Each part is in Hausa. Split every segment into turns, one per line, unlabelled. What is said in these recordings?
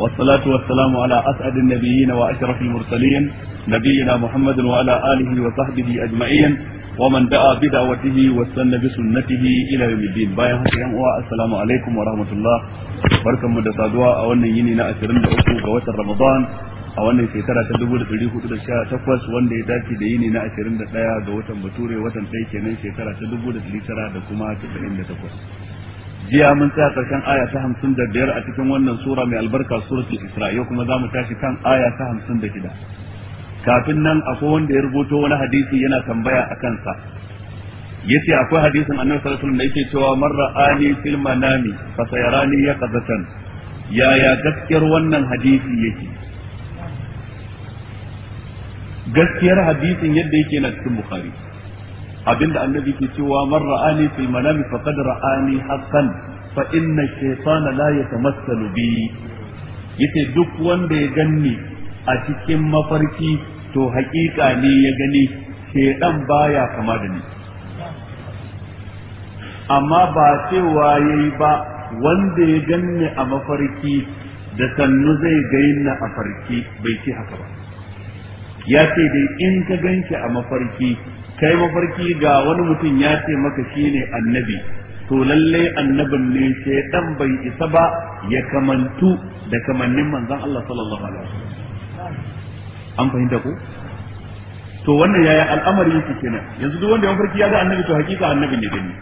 والصلاة والسلام على أسعد النبيين وأشرف المرسلين نبينا محمد وعلى آله وصحبه أجمعين ومن دعا بدعوته واستنى بسنته إلى يوم الدين بايا السلام عليكم ورحمة الله بركة مدسة دعاء أولا ينينا أشرين لأوكو رمضان a wannan shekara ta dubu da ɗari hudu da sha takwas wanda ya dace da yini na ashirin da ɗaya ga watan bature watan ɗaya kenan shekara ta dubu da ɗari tara da kuma tasa'in da takwas jiya mun tsaya karshen aya ta hamsin da biyar a cikin wannan sura mai albarka suratul isra yau kuma za mu tashi kan aya ta hamsin da shida kafin nan akwai wanda ya rubuto wani hadisi yana tambaya a kansa yace akwai hadisin annabi sallallahu alaihi wasallam da yake cewa marra ra'ani fil manami fa sayarani yaqzatan yaya gaskiyar wannan hadisi yake gaskiyar hadisin yadda yake na cikin bukhari abinda annabi ke cewa man ra'ani fil manami faqad ra'ani haqqan fa inna shaytana la yatamassalu bi yace duk wanda ya ganni a cikin mafarki to haƙiƙa ne ya gani shaydan baya kama da ni amma ba cewa yayi ba wanda ya ganni a mafarki da sannu zai gaina a farki bai ce haka ba ya ce dai in ka ganki a mafarki kai mafarki ga wani mutum ya ce maka shine annabi to lalle annabin ne sai dan bai isa ba ya kamantu da kamannin manzon Allah sallallahu alaihi wasallam an fahimta ko to wannan yaya al'amari yake kenan yanzu duk wanda ya mafarki ya ga annabi to hakika annabi ne gani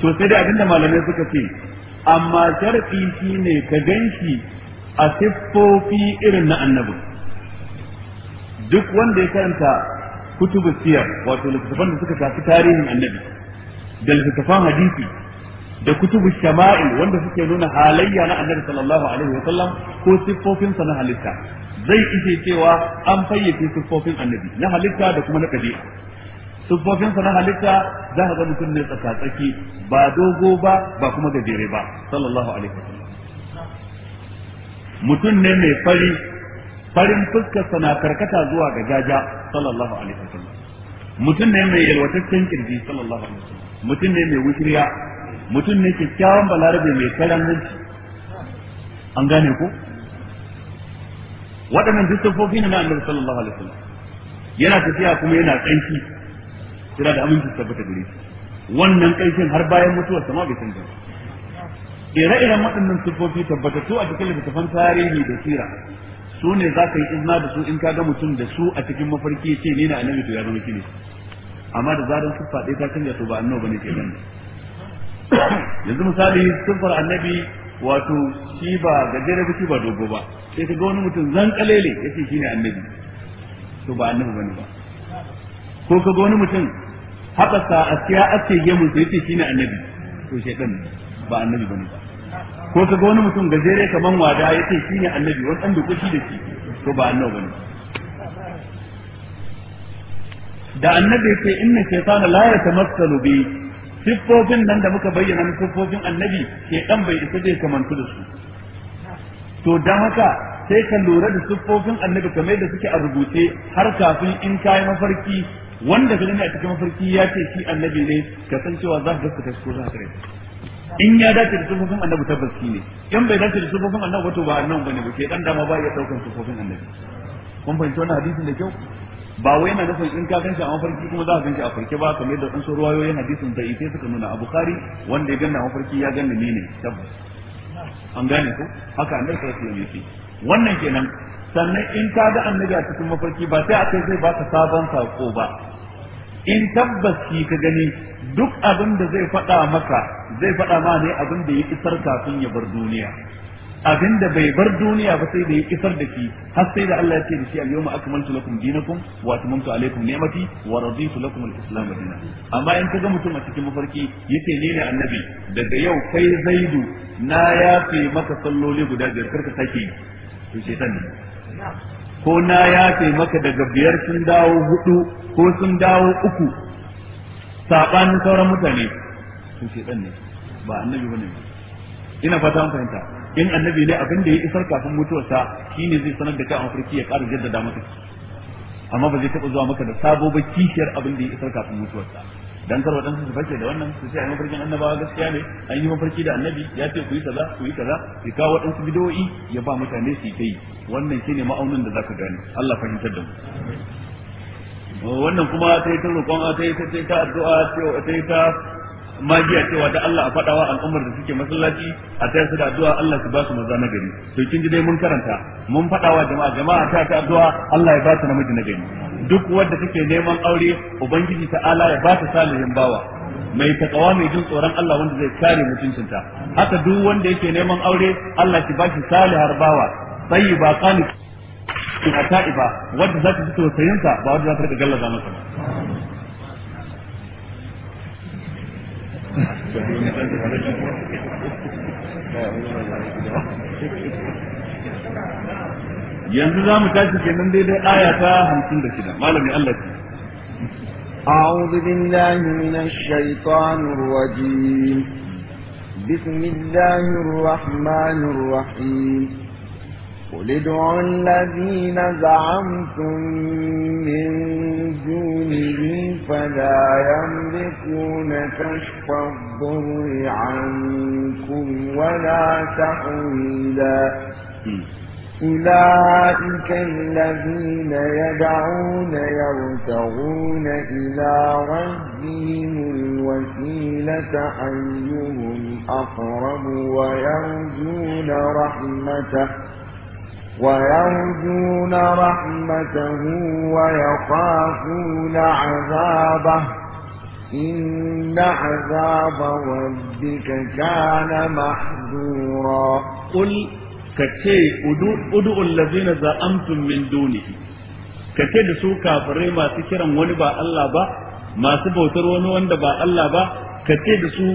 to sai dai abinda malamai suka ce amma sharfi shine ka ganshi a siffofi irin na annabi duk wanda ya karanta kutubu siyar wato littattafan da suka shafi tarihin annabi da littattafan hadisi da kutubu shama'il wanda suke nuna halayya na annabi sallallahu alaihi wa sallam ko siffofin sa na halitta zai ishe cewa an fayyace siffofin annabi na halitta da kuma na kabi'a siffofin sa na halitta za ka ga mutum ne tsakatsaki ba dogo ba ba kuma gajere ba sallallahu alaihi wa sallam mutum ne mai fari farin fuskar sa na karkata zuwa ga jaja sallallahu alaihi wasallam mutum ne mai yalwataccen kirji sallallahu alaihi wasallam mutum ne mai wushiriya mutum ne kyakkyawan balarabe mai karan an gane ko waɗannan duk ne na annabi sallallahu alaihi wasallam yana tafiya kuma yana kanki kira da aminci tabbata gare shi wannan kanshin har bayan mutuwar sama bai canza
ba
ire-iren waɗannan sufofi tabbatattu a cikin littattafan tarihi da sira su ne za ka yi izina da su in ka ga mutum da su a cikin mafarki ce ni na annabi to ya zama kine amma da zaran su faɗe ta canja to ba annabi bane ke nan yanzu misali sifar annabi wato shi ba gajere ba shi ba dogo ba sai ka ga wani mutum zan kalele yace shine annabi to ba annabi bane ba ko ka ga wani mutum haka sa asiya ake yemu sai yace shine annabi to shedan ba annabi bane ba ko kaga wani mutum gajere kaman wada ya ce shi ne annabi wani ɗan shi da shi to ba annabi bane da annabi ce inna shaytana la yatamassalu bi siffofin nan da muka bayyana siffofin annabi ke dan bai isa zai kamantu da su to dan haka sai ka lura da siffofin annabi kamar da suke a rubuce har kafin in kayi mafarki wanda ka gani a cikin mafarki ya ce shi annabi ne ka san cewa za ka gaskata shi ko za ka rai in ya dace da sufofin annabi tabbas shi ne in bai dace da sufofin annabi wato ba annabi bane ba ke dan dama ba ya daukan sufofin annabi kun fahimta wannan hadisin da kyau ba wai yana nufin in ka ganshi a mafarki kuma za ka ganshi a farke ba kamar yadda ɗan ruwayoyin hadisin da ite suka nuna a bukhari wanda ya ganna a mafarki ya ganna ni ne tabbas an gane ko haka annabi sallallahu alaihi wasallam wannan kenan sannan in ka ga annabi a cikin mafarki ba sai a kai zai baka sabon sako ba in tabbaci ka gani duk abin da zai faɗa maka zai faɗa ma ne abin da ya isar kafin ya bar duniya abin da bai bar duniya ba sai da ya isar da shi har sai da Allah ya ce da shi al-yawma akmaltu lakum dinakum wa atmamtu alaykum ni'mati wa raditu lakum al-islam dina amma in kaga mutum a cikin mafarki yace ni ne annabi daga yau kai zaidu na yafe maka salloli guda biyar karka sake to ne ko na yafe maka daga biyar sun dawo hudu ko sun dawo uku saɓanin sauran mutane sun ce ne ba annabi bane ina fata an fahimta in annabi ne abin da ya isar kafin mutuwarsa shine zai sanar da kai a mafarki ya ƙara jaddada maka amma ba zai taɓa zuwa maka da sabo ba kishiyar abin da ya isar kafin mutuwarsa dan kar wadansu su fake da wannan su ce ai mafarkin annabawa gaskiya ne an yi mafarki da annabi ya ce ku yi kaza ku yi kaza ya kawo wadansu bidoyi ya ba mutane su yi wannan shine ma'aunin da zaka gani Allah fahimtar da mu wannan kuma sai ta roƙon a sai ta addu'a sai ta magiya cewa da Allah a faɗawa al'ummar da suke masallaci a tayar su da addu'a Allah su ba su maza nagari to kin ji dai mun karanta mun faɗawa jama'a jama'a ta ta addu'a Allah ya ba su namiji nagari duk wanda take neman aure ubangiji ta'ala ya ba ta salihin bawa mai takawa mai jin tsoron Allah wanda zai kare mutuncinta haka duk wanda yake neman aure Allah ki shi salihar bawa sai ba kani ki ba wadda za ta fito ba wadda za ta rika gallaza masa
yanzu za
mu tashi kenan daidai aya ta hamsin da shida malami Allah ce أعوذ بالله من الشيطان الرجيم بسم الله الرحمن الرحيم قل ادعوا الذين زعمتم من دونه فلا يملكون كشف الضر عنكم ولا تحويلا أولئك الذين يدعون يرتغون إلى ربهم الوسيلة أيهم أقرب ويرجون رحمته ويرجون رحمته ويخافون عذابه إن عذاب ربك كان محذورا
قل كتي ادعوا الذين زعمتم من دونه kace da su kafirai masu kiran wani ba Allah ba masu bautar wani wanda ba Allah ba kace da su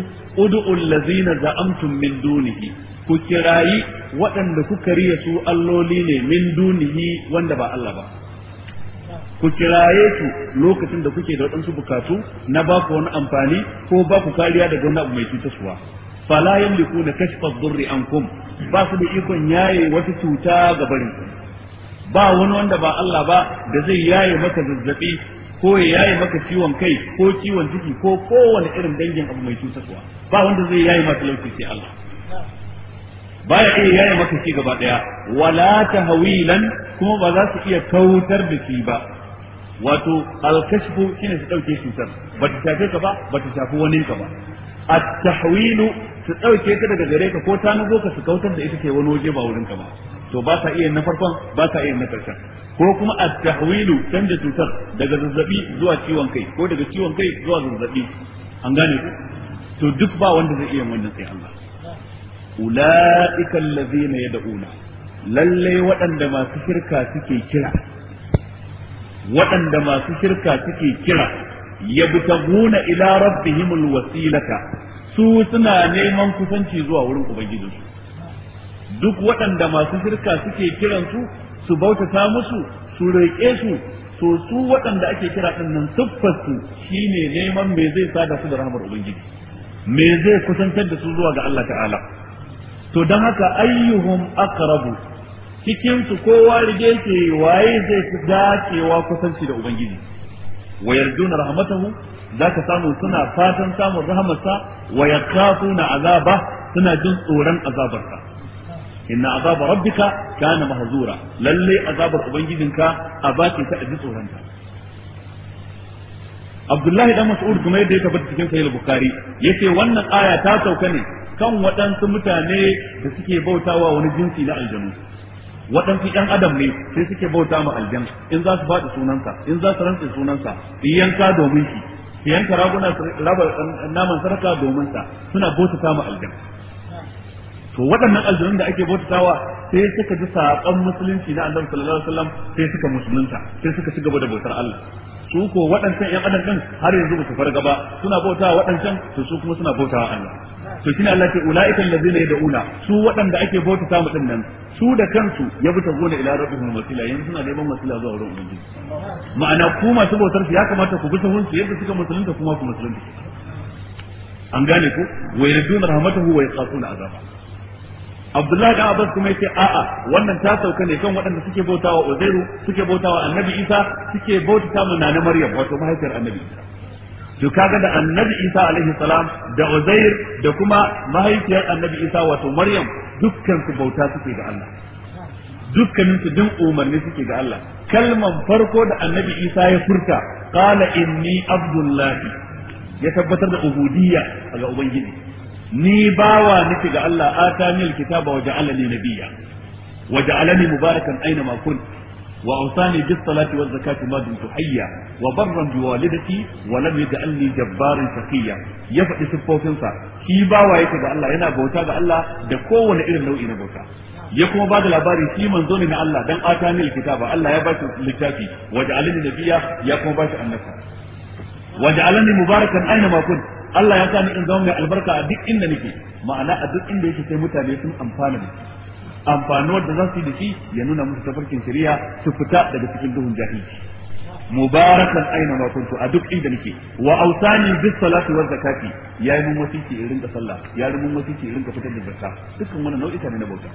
ud'ul min dunihi ku kirayi waɗanda kuka riya su alloli ne min dunihi wanda ba Allah ba ku kiraye su lokacin da kuke da waɗansu bukatu na ba ku wani amfani ko ba ku kariya daga wani abu mai cutarwa fala yamliku na kashfa dhurri ankum ba su da ikon yaye wata cuta ga barin ba wani wanda ba Allah ba da zai yaye maka zazzabi ko ya yaye maka ciwon kai ko ciwon ciki ko kowane irin dangin abu mai cutarwa ba wanda zai yaye maka lauki sai Allah
baya iya yaya maka shi gaba daya
wala tahwilan kuma ba za su iya kautar da shi ba wato al shi ne su dauke cutar ba ta shafe ka ba ba ta shafi wani ka ba at-tahwilu su dauke ka daga gare ka ko ta nugo ka su kautar da ita ce wani waje ba wurin ka ba to ba sa iya na farkon ba sa iya na karshen ko kuma at-tahwilu canza cutar daga zazzabi zuwa ciwon kai ko daga ciwon kai zuwa zazzabi an gane ku to duk ba wanda zai iya wannan sai Allah ula'ika allazina yad'una lallai waɗanda masu shirka suke kira waɗanda masu shirka suke kira yabtaguna ila rabbihimul wasilata su suna neman kusanci zuwa wurin ubangijinsu duk waɗanda masu shirka suke kiransu su bautata musu su roƙe su to su waɗanda ake kira ɗin nan siffarsu shine neman me zai sada su da rahmar ubangiji me zai kusantar da su zuwa ga Allah ta'ala to don haka ayyuhum aqrabu cikin su kowa rige yake waye zai fi dacewa kusanci da ubangiji wa yarjuna rahmatahu zaka samu suna fatan samun rahmarsa wa yakafuna azaba suna jin tsoron azabarsa inna azaba rabbika kana mahzura lalle azabar ubangijinka abace ta aji tsoronta Abdullahi dan Mas'ud kuma yadda ya tabbata cikin Sahih Bukhari yace wannan aya ta sauka ne kan waɗansu mutane da suke bautawa wani jinsi na aljanu waɗansu ƴan adam ne sai suke bauta ma aljan in za su faɗi sunansa in za su rantsa sunansa su yanka domin shi su yanka raguna raba naman sarka domin sa suna bautata ma aljan to waɗannan aljanun da ake bautatawa sai suka ji saƙon musulunci na annabi sallallahu alaihi wasallam sai suka musulunta sai suka ci gaba da bautar Allah su ko waɗancan ƴan adam din har yanzu ba su farga ba suna bautawa waɗancan to su kuma suna bautawa Allah to shine Allah ce ulaiikal ladzina yad'una su waɗanda ake bauta samu ɗin nan su da kansu ya bi gona ila rabbihim wasila yanzu suna neman wasila zuwa wurin ubangiji ma'ana ku masu bautar ya kamata ku bi sahun su yadda suka musulunta kuma ku musulunta an gane ku wa yarduna rahmatahu wa yaqatuna azaba Abdullahi da Abbas kuma yace a'a wannan ta sauka ne kan waɗanda suke bautawa Uzairu suke bautawa Annabi Isa suke bautawa Nana Maryam wato mahaifiyar Annabi Isa to kaga da annabi isa alaihi salam da uzair da kuma mahaifiyar annabi isa wato maryam dukkan su bauta suke ga Allah dukkanin su din umarni suke ga Allah kalman farko da annabi isa ya furta qala inni abdullahi ya tabbatar da ubudiyya ga ubangiji ni bawa nake ga Allah atanil kitaba wa ja'alani nabiyya wa ja'alani mubarakan aina ma وأوصاني بالصلاة والزكاة ما دمت حيا وبرا بوالدتي ولم يجعلني جبارا شقيا يفعل سفوفنسا شي باوا yake ga Allah yana bauta ga da kowane irin nau'i na bauta ya kuma bada labari shi manzo ne na Allah dan atanil kitaba Allah ya bashi littafi waja'alni nabiyya ya kuma bashi annabta waja'alni mubarakan aina ma Allah ya sani in zama mai albarka a duk inda ma'ana a duk inda yake sai mutane sun amfana amfanuwar da za su yi da shi ya nuna musu tafarkin shari'a su fita daga cikin duhun jahilci mubarakan aina ma kuntu a duk inda nake wa ausani bis salati wa zakati yayi mun wasiki irin da sallah yayi mun wasiki irin da fitar da zakka dukkan wannan nau'ika ne na bauta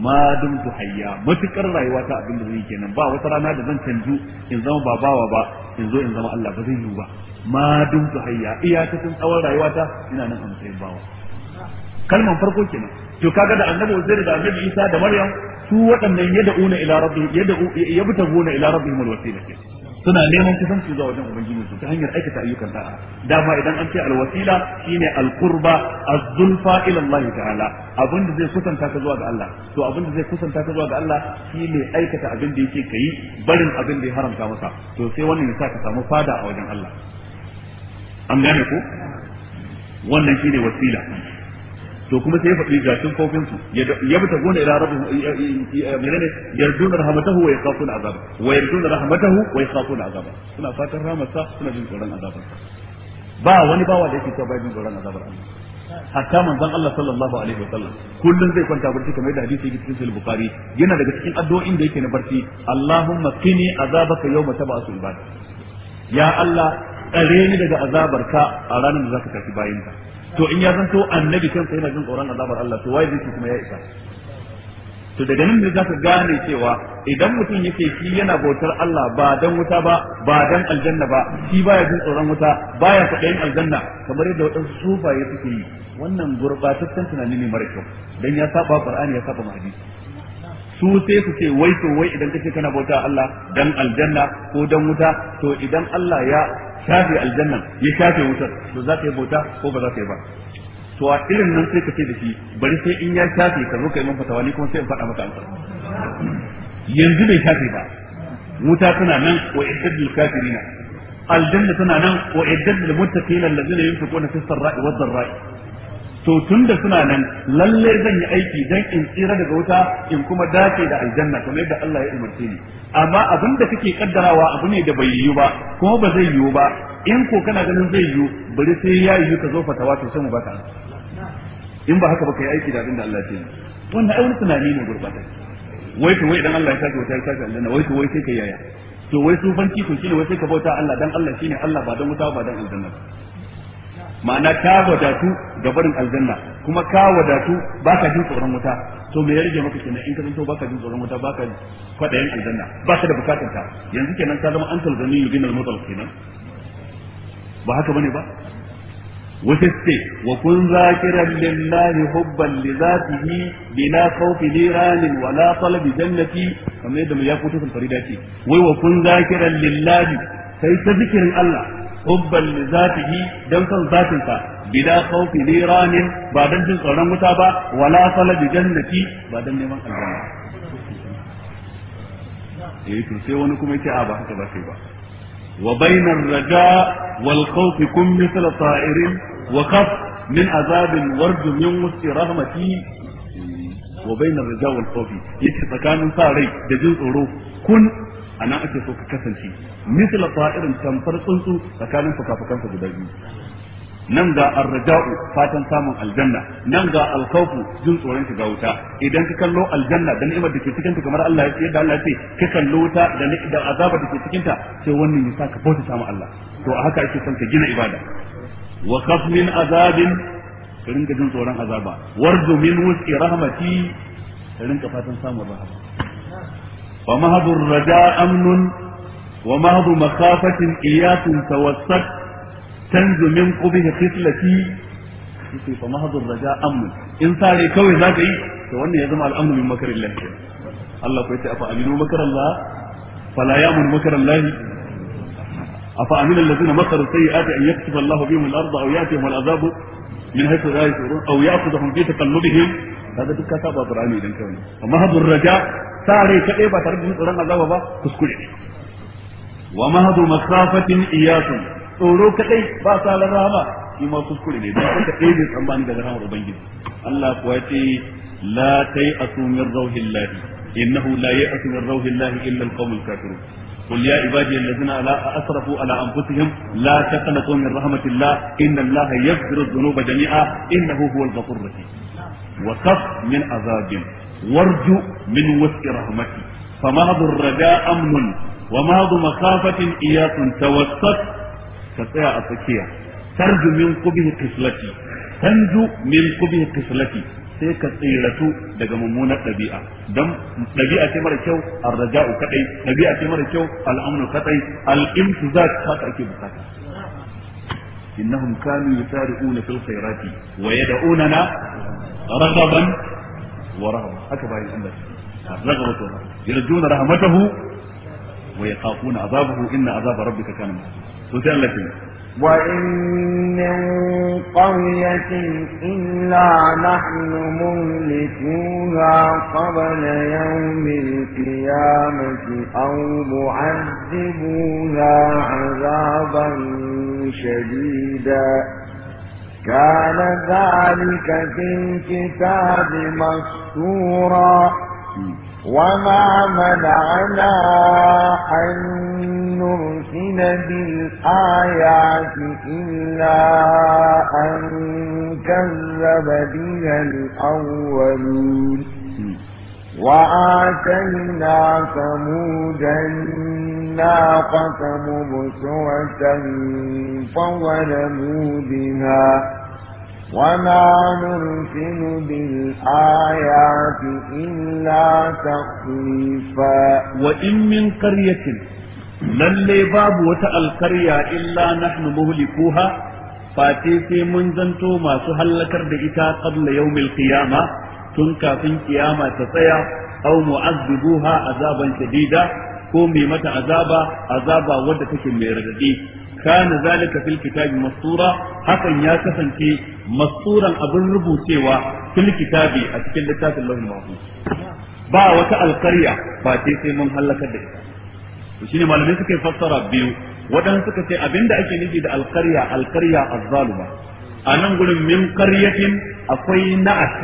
ma tu hayya matukar rayuwa ta abin da zai kenan ba wata rana da zan canju in zama babawa ba in zo in zama Allah ba zai yiwu ba ma tu hayya iyakacin tsawon rayuwa ta ina nan a matsayin bawa kalman farko kenan to kaga da annabi Uzair da annabi Isa da Maryam su waɗannan yad'una ila rabbi yad'u yabtaguna ila rabbihim alwasila suna neman kusanci zuwa wajen ubangiji su ta hanyar aikata ayyukan da'a dama idan an ce alwasila shine alkurba az-zulfa ila Allah ta'ala abin da zai kusanta ka zuwa ga Allah to abin da zai kusanta ka zuwa ga Allah shine aikata abin da yake kai barin abin da ya haramta masa to sai wannan ya sa ka samu fada a wajen Allah an gane ku. wannan shine wasila to kuma sai ya faɗi ga kofin su ya bi tagona ila rabbi menene yarduna rahmatahu wa yakhafuna azaba wa yarduna rahmatahu wa yakhafuna azaba suna fatan rahmatsa suna jin tsoron azaba ba wani bawa da yake cewa ba jin tsoron azabar
Allah
hatta manzon Allah sallallahu alaihi wa sallam kullun zai kwanta barci kamar yadda hadisi yake cikin sahih bukhari yana daga cikin addu'o'in da yake na barci Allahumma qini azabaka yawma tab'asu ibad ya Allah tsare ni daga azabarka a ranar da zaka tafi bayin ka to in ya san to annabi kansa yana jin tsoron azabar Allah to wai zai kuma ya isa to daga nan ne za ka gane cewa idan mutum yake shi yana bautar Allah ba dan wuta ba ba dan aljanna ba shi baya jin tsoron wuta baya yin aljanna kamar yadda wadansu sufaye suke yi wannan gurbataccen tunani ne mara kyau dan ya saba qur'ani ya saba hadisi su sai su ce wai to wai idan kace kana bauta Allah dan aljanna ko dan wuta to idan Allah ya shafe aljanna ya shafe wutar to za ka yi bauta ko ba za ka yi ba to a irin nan sai ka ce da shi bari sai in ya shafe ka zo ka yi man fatawa ni kuma sai in faɗa maka amsa yanzu bai shafe ba wuta tana nan wa iddadul kafirina aljanna tana nan wa iddadul muttaqina allazina yunfiquna fis sarra'i wad dharra'i to tunda suna nan lalle zan yi aiki dan in tsira daga wuta in kuma dace da aljanna kamar yadda Allah ya umarce ni amma abin da kake kaddarawa abu ne da bai yiwu ba kuma ba zai yiwu ba in ko kana ganin zai yiwu bari sai ya yiwu ka zo fatawa to sai mu baka in ba haka ba kai aiki da abin da Allah ya ce wannan ai wani tunani ne gurbata. wai to wai idan Allah ya sake wuta ya sake aljanna wai to wai sai kai yaya to wai sufanci to shine wai sai ka bauta Allah dan Allah shine Allah ba dan wuta ba dan aljanna ma'ana ka wadatu ga barin aljanna kuma ka wadatu baka jin tsoron wuta to me ya rage maka kenan in ka zanto baka jin tsoron wuta baka kwadayin aljanna baka da bukatun ta yanzu kenan ka zama antal gani yudin al-mutal kenan ba haka bane ba wata ce wa kun zakiran lillahi hubban li zatihi bila khawfi niranin wa la talabi jannati kamar yadda mu ya sun farida ce wai wa kun zakiran lillahi sai ta zikirin Allah hubban li zatihi dan san zatin sa bila ne niranin ba dan jin tsoron wuta ba wala salabi jannati ba dan neman aljanna eh sai wani kuma yake a ba haka ba sai ba wa bainar raja wal khawf kun mithla ta'irin wa khaf min azabin warju min rahmati wa bainar yake tsakanin sa rai da jin tsoro kun anan ake so ka kasance misla fa'irin tamfar tsuntsu tsakanin fuka-fukansa guda biyu nan ga arraja'u fatan samun aljanna nan ga alkhawfu jin tsoron shiga wuta idan ka kallo aljanna da ni'imar da ke cikin ta kamar Allah ya ce da Allah ya ce ka kallo wuta da da azaba da ke cikin ta sai wannan ya ka bauta samu Allah to a haka ake son ka gina ibada wa khaf azabin ka rinka jin tsoron azaba warzu min wus'i rahmati ka rinka fatan samun rahama ومهض الرجاء أمن ومهض مخافة إياك توسط تنز من قبه خصلتي yake fa mahadun raja amun in sare kawai za ka yi to wannan ya zama al'amru min makarin lahi Allah ko yace afa aminu makaran la fala yamun makaran lahi afa amina allazina makaru sayyi'ati an yaktuba Allah bihim al-ardha aw kaga duk ka saba Qur'ani idan ka wani amma hadur raja sare kadai ba tare da tsoron azaba ba kuskure wa mahdu masafatin iyasun tsoro kadai ba sa ran rahama shi ma kuskure ne don ka dai ne tsammani daga rahmar ubangiji Allah kuwa ce la tai tai'asu min rauhillahi innahu la ya'asu min rauhillahi illa al-qawmul kafirun قل يا عبادي الذين اسرفوا على انفسهم لا تقنطوا من رحمه الله ان الله يغفر الذنوب جميعا انه هو الغفور الرحيم وكف من عذاب وارجو من وسع رحمتي فمهض الرجاء أمن ومهض مخافة إياك توسط كتاء تكيا ترجو من قبه قسلتي تنجو من قبه قسلتي sai ka tsiratu daga mummunar ɗabi'a don ɗabi'a ce mara kyau arraja'u kaɗai, ɗabi'a ce mara kyau al'amnu al'imtu za imtizaj haka ake bukata innahum kanu yusari'una fil khairati wa yad'unana رغبا ورهبا هكذا هي الامه رغبة ورهبة يرجون رحمته ويخافون عذابه إن عذاب ربك كان مسؤولا
وإن من قرية إلا نحن مهلكوها قبل يوم القيامة أو معذبوها عذابا شديدا كان ذلك في الكتاب مسطورا وما منعنا أن نرسل بالآيات إلا أن كذب بها الأولون وآتينا ثمود الناقة مبصرة فظلموا بها وما نرسل بالآيات إلا تخويفا وإن من
قرية lallai babu wata alkarya illa nahnu muhlikuha fate sai mun zanto masu hallakar da ita qabla yawmil qiyama tun kafin ƙiyama ta tsaya aw mu'azzibuha azaban shadida ko mai mata azaba azaba wadda take mai radadi kana zalika fil kitabi masura hakan ya kasance masuran abin rubucewa fil kitabi a cikin littafin lahul mahfuz ba wata alqarya ba ce sai mun halakar da ita to shine malamai suka fassara biyu wadan suka ce abinda ake nufi da alqarya alqarya zaluma. a nan gurin min qaryatin akwai na'at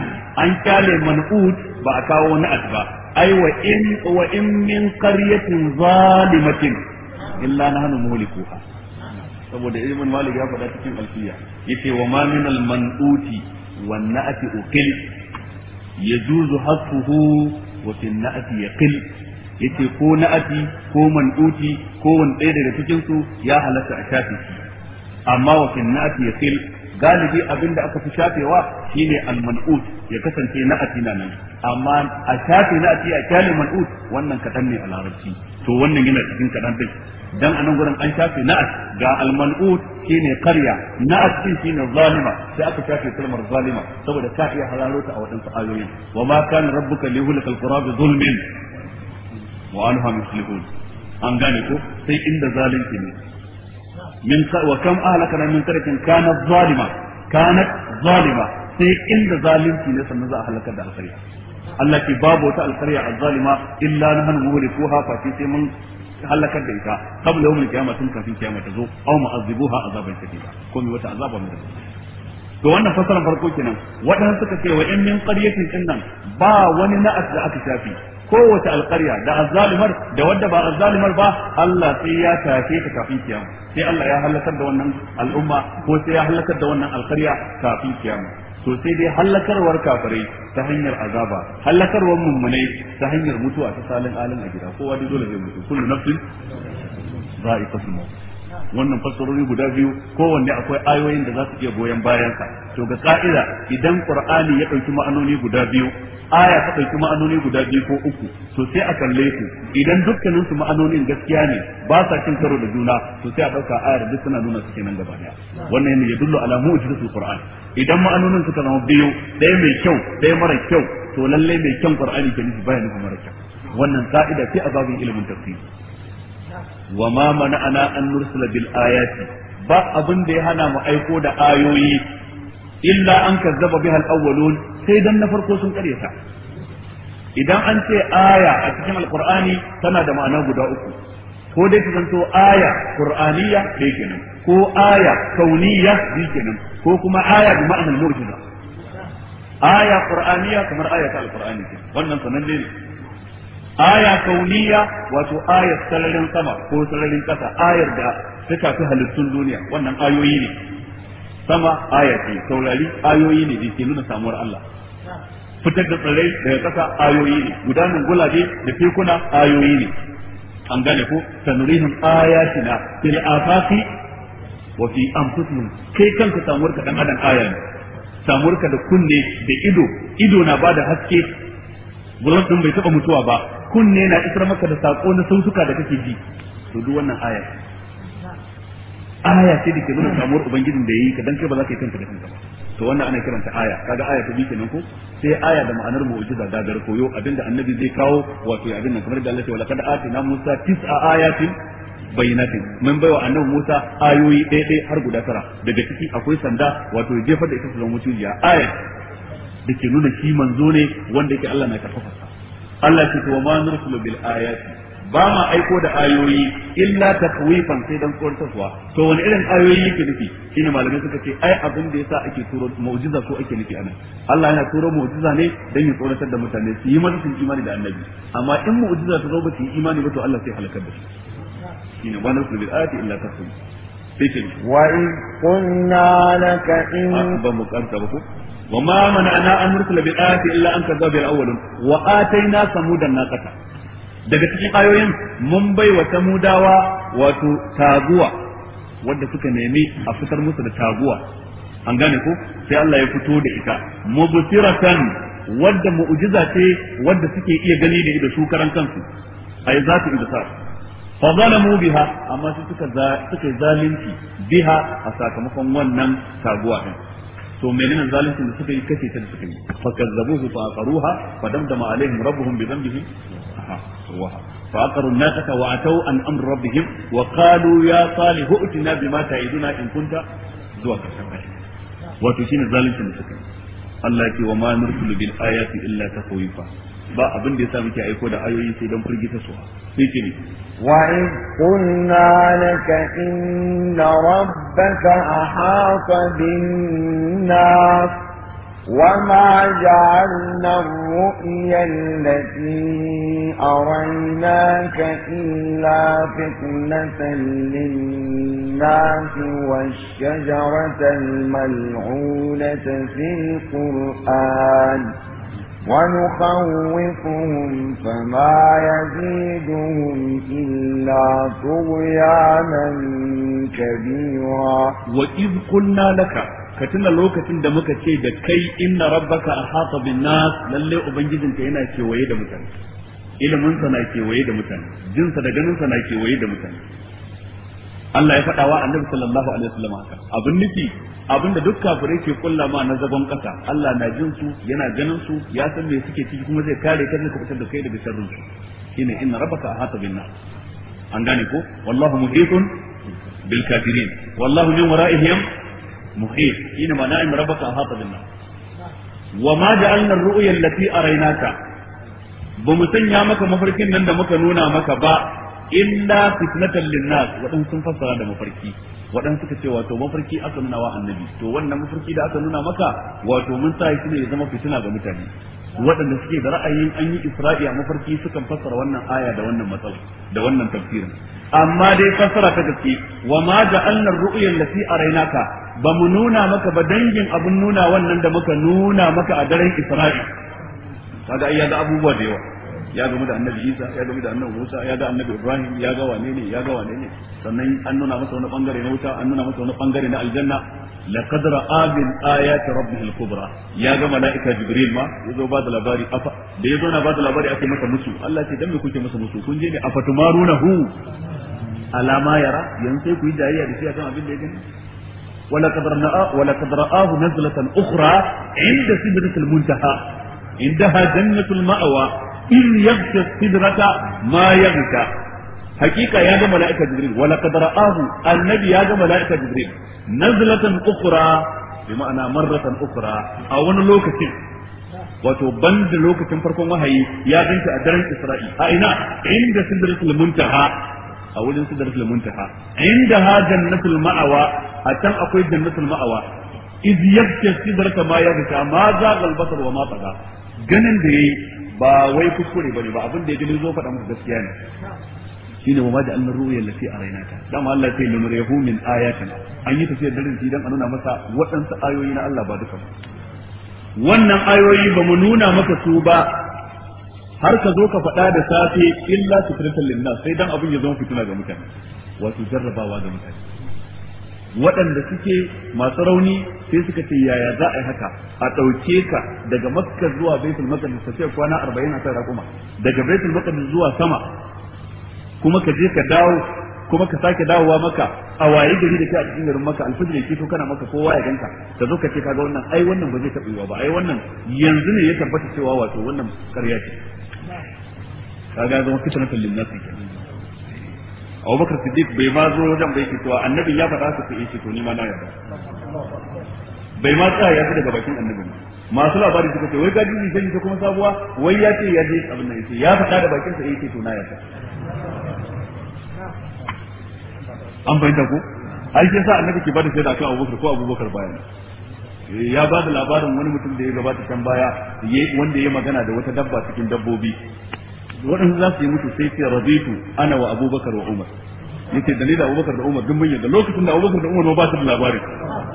an kyale man'ut ba a kawo na'at ba ai wa in wa in min qaryatin zalimatin illa nahnu muhlikuha saboda ibn malik ya faɗa cikin alfiya yace wa ma min al man'uti wan na'ati uqil yajuzu hasfuhu wa fi na'ati yaqil yace ko na'ati ko man'uti ko wani ɗaya daga cikinsu ya halarta a shafi amma wa fi na'ati yaqil galibi abin da aka fi shafewa shine al-man'ut ya kasance na atina nan amma a shafe na ati a kyale man'ut wannan kadan ne a larabci to wannan yana cikin kadan din dan anan gurin an shafe na'at ga al-man'ut shine qarya na'at din shine zalima sai aka shafe kalmar zalima saboda ka iya halalo ta a wadansu ayoyi wa ma kana rabbuka liyuhlikal qura bi zulmin wa anha muslihun an gane ko sai inda zalunci ne min wa kam ahlakana min qaryatin kanat zalima kanat zalima sai inda zalunci ne sannan za a halakar da alƙarya Allah ke wata alƙarya azzalima illa nahnu muhlikuha fa sai mun halakar da ita qabla yawmil qiyamah tun kafin kiyama ta zo aw mu'azzibuha azaban wata to wannan fasaran farko kenan wadannan suka ce wa in min qaryatin dinnan ba wani na'at da aka shafi kowace alƙarya da azzalimar da wadda ba azzalimar ba Allah sai ya tafe ta kafin kiyama sai Allah ya halakar da wannan al'umma ko sai ya halakar da wannan alkarya kafin kiyama to sai dai halakarwar kafirai ta hanyar azaba halakarwar mummunai ta hanyar mutuwa ta salin alin a gida kowa dai dole zai mutu kullu nafsin za'iqatul maut wannan fassarori guda biyu kowanne akwai ayoyin da za su iya goyon bayansa to ga ka'ida idan qur'ani ya ɗauki ma'anoni guda biyu aya ta ɗauki ma'anoni guda biyu ko uku to sai a kalle su idan dukkanin su ma'anonin gaskiya ne ba sa cin karo da juna to sai a dauka ayar duk suna nuna su nan gaba daya wannan ne ya dullu ala mu'jizatu qur'ani idan ma'anonin suka zama biyu ɗaya mai kyau ɗaya mara kyau to lalle mai kyan qur'ani ke nufi bayanin mara kyau wannan ka'ida sai a babin ilimin tafsiri wa ma mana'ana an nursula bil ayati ba abin da ya hana mu aiko da ayoyi illa an kazzaba bihal awwalun sai dan na farko sun karyata idan an ce aya a cikin alqur'ani tana da ma'ana guda uku ko dai ta zanto aya qur'aniyya dai kenan ko aya kauniyya dai kenan ko kuma aya bi ma'anar mu'jiza aya qur'aniyya kamar ayatul alqur'ani wannan sanan ne aya kauniya wato ayar sararin sama ko sararin kasa ayar da ta fi halittun duniya wannan ayoyi ne sama aya ce saurari ayoyi ne da ke nuna samuwar Allah fitar da tsirrai daga kasa ayoyi ne gudanar gulabe da fekuna ayoyi ne an gane ko sanurihim ayatina fil afaqi wa fi anfusihim kai kanka samuwar ka dan adam aya ne samuwar ka da kunne da ido ido na bada haske gurbin din bai taba mutuwa ba kunne na isar maka da sako na sautuka da kake ji to duk wannan aya aya ce dake ke nuna samuwar ubangijin da yayi ka kai ba za ka yi kanka da kanka ba to wannan ana kiranta aya kaga aya ta biyu kenan ko sai aya da ma'anar mu'jiza da dar koyo abinda annabi zai kawo wato abin nan kamar da Allah ya ce walaqad atina Musa tis'a ayatin bayyanatin mun baiwa annabi Musa ayoyi ɗaya ɗaya har guda tara daga ciki akwai sanda wato jefar da ita su zama mutuniya aya da ke nuna shi manzo ne wanda yake Allah na karfafa sa Allah ce to ma nursulu bil ayati ba ma aiko da ayoyi illa takwifan sai dan tsoratarwa to wani irin ayoyi yake nufi shine malamai suka ce ai abin da yasa ake turo mu'jiza ko ake nufi anan Allah yana turo mu'jiza ne dan ya tsoratar da mutane su yi masa imani da annabi amma in mu'jiza ta zo ba su yi imani ba to Allah sai halakar da shi. shine ba nursulu bil ayati illa takwifan sai ce wa in qulna laka in ah, ba mu karta ba ko وما منعنا أن نرسل بالآيات إلا أن كذب الأولون وآتينا ثمود الناقة daga cikin ayoyin mun bai wa samudawa wato taguwa wanda suka nemi a fitar musu da taguwa an gane ko sai Allah ya fito da ita mubsiratan wadda mu'jiza ce wadda suke iya gani da ido su karan kansu ai za ta ibsar fa zalamu biha amma su suka zalunci biha a sakamakon wannan taguwa din to menene zalincin da suka yi kace ta da suka yi fa kazzabuhu fa aqaruha fa damdama alaihim rabbuhum bi dhanbihim wa fa aqaru an-naqata wa atau an amr rabbihim wa qalu ya salihu itina bima ta'iduna in kunta zuwa karshen ayat wato shine zalincin da suka yi Allah ya ce wa ma nursilu bil ayati illa takwifa ba abin da yasa muke aiko da ayoyi sai don firgita su sai ce ni wa
in qulna laka inna rabbaka ahata bin nas وما جعلنا الرؤيا التي أريناك إلا فتنة للناس والشجرة الملعونة في القرآن ونخوفهم فما يزيدهم إلا طغيانا كبيرا وإذ قلنا لك كتنا لوكة دمك تيد كي إن ربك أحاط بالناس للي
أبنجد انت هنا كي ويدا متن إلى من سنة كي ويدا متن جنس دجنس كي ويدا متن Allah ya faɗawa annabi sallallahu alaihi wasallam haka abin nufi abinda duk kafirai ke kulla ma na zagon kasa Allah na jin su yana ganin su ya san me suke ciki kuma zai kare ka ne ka fitar da kai daga sharrin su shine inna rabbaka ahata bin nas an gane ko wallahu muhitun bil kafirin wallahu min wara'ihim muhit shine ma na'im rabbaka ahata bin nas wa ma ja'alna ar-ru'ya allati araynaka ba mu sanya maka mafarkin nan da muka nuna maka ba illa fitnatan linnas wadan sun fassara da mafarki wadan suka ce wato mafarki aka nuna wa annabi to wannan mafarki da aka nuna maka wato mun sa shi ne ya zama fitina ga mutane Wadanda suke da ra'ayin an yi isra'i mafarki sukan fassara wannan aya da wannan matsal, da wannan tafsirin amma dai fassara ta gaske wa ma ja'alna ar-ru'ya allati araynaka ba mu nuna maka ba dangin abun nuna wannan da muka nuna maka a daren isra'i kaga ai ya abubuwa da yawa ya gamu da annabi Isa ya gamu da annabi Musa ya ga annabi Ibrahim ya ga wane ne ya ga wane ne sannan an nuna masa wani bangare na wuta an nuna masa wani bangare na aljanna laqad ra'a min ayati rabbih al-kubra ya ga malaika Jibril ma yazo ba da labari afa da yazo na ba da labari ake masa musu Allah ce dan me kuke masa musu kun je ne afatumarunahu alama yara yanzu sai ku yi dariya da shi akan abin da ya gani ولقد رآه ولقد رآه نزلة أخرى عند سدرة المنتهى عندها جنة المأوى in yaghsha sidrata ma yaghsha hakika ya ga malaika jibril wa laqad ra'ahu annabi ya ga malaika jibril nazlatan ukhra bi ma'ana marratan ukhra a wani lokacin wato banda lokacin farkon wahayi ya ganta a daren isra'i a ina inda sidratul muntaha a wurin sidratul muntaha inda ha jannatul ma'awa a can akwai jannatul ma'awa iz yakta sidrata ma yaghsha ma za galbatar wa ma taga ganin da yayi ba wai kuskure bane ba abin da ya gani zo faɗa muku gaskiya ne shine wa maji annar ru'ya lati arainaka dama Allah sai lumrihu min ayatin an yi tafiyar daren shi dan a nuna masa waɗansu ayoyi na Allah ba duka ba wannan ayoyi ba mu nuna maka su ba har ka zo ka faɗa da safe illa fitratan linnas sai dan abin ya zama fituna ga mutane wato jarrabawa ga mutane waɗanda suke masu rauni sai suka ce yaya za a yi haka a ɗauke ka daga makka zuwa baitul maqdis ta ce kwana arba'in a tara kuma daga baitul maqdis zuwa sama kuma ka je ka dawo kuma ka sake dawowa maka a waye gari da ke a cikin garin maka alfajir yake to kana maka kowa ya ganka ka zo ka ce kaga wannan ai wannan ba zai taɓa yiwa ba ai wannan yanzu ne ya tabbata cewa wato wannan ƙarya ce kaga zama fitnatul linnasi kenan Abu Bakar Siddiq bai ma zo wajen bai fito annabi ya faɗa su sai shi to ni ma na yarda bai ma tsaya ya daga bakin annabi masu labari suka ce wai gaji ne sai ta kuma sabuwa wai ya ce ya je abin nan yace ya faɗa da bakin sa yace to na yarda an bayyana ko ai sai sa annabi ke bada shaida kan Abubakar ko Abubakar bayan eh, ya ba da labarin wani mutum da ya gabata can baya wanda ya magana da wata dabba cikin dabbobi waɗansu za su yi mutu sai ce rabitu ana wa abubakar wa umar yace dalila abubakar da umar duk mun yadda lokacin da abubakar da umar ba su da labari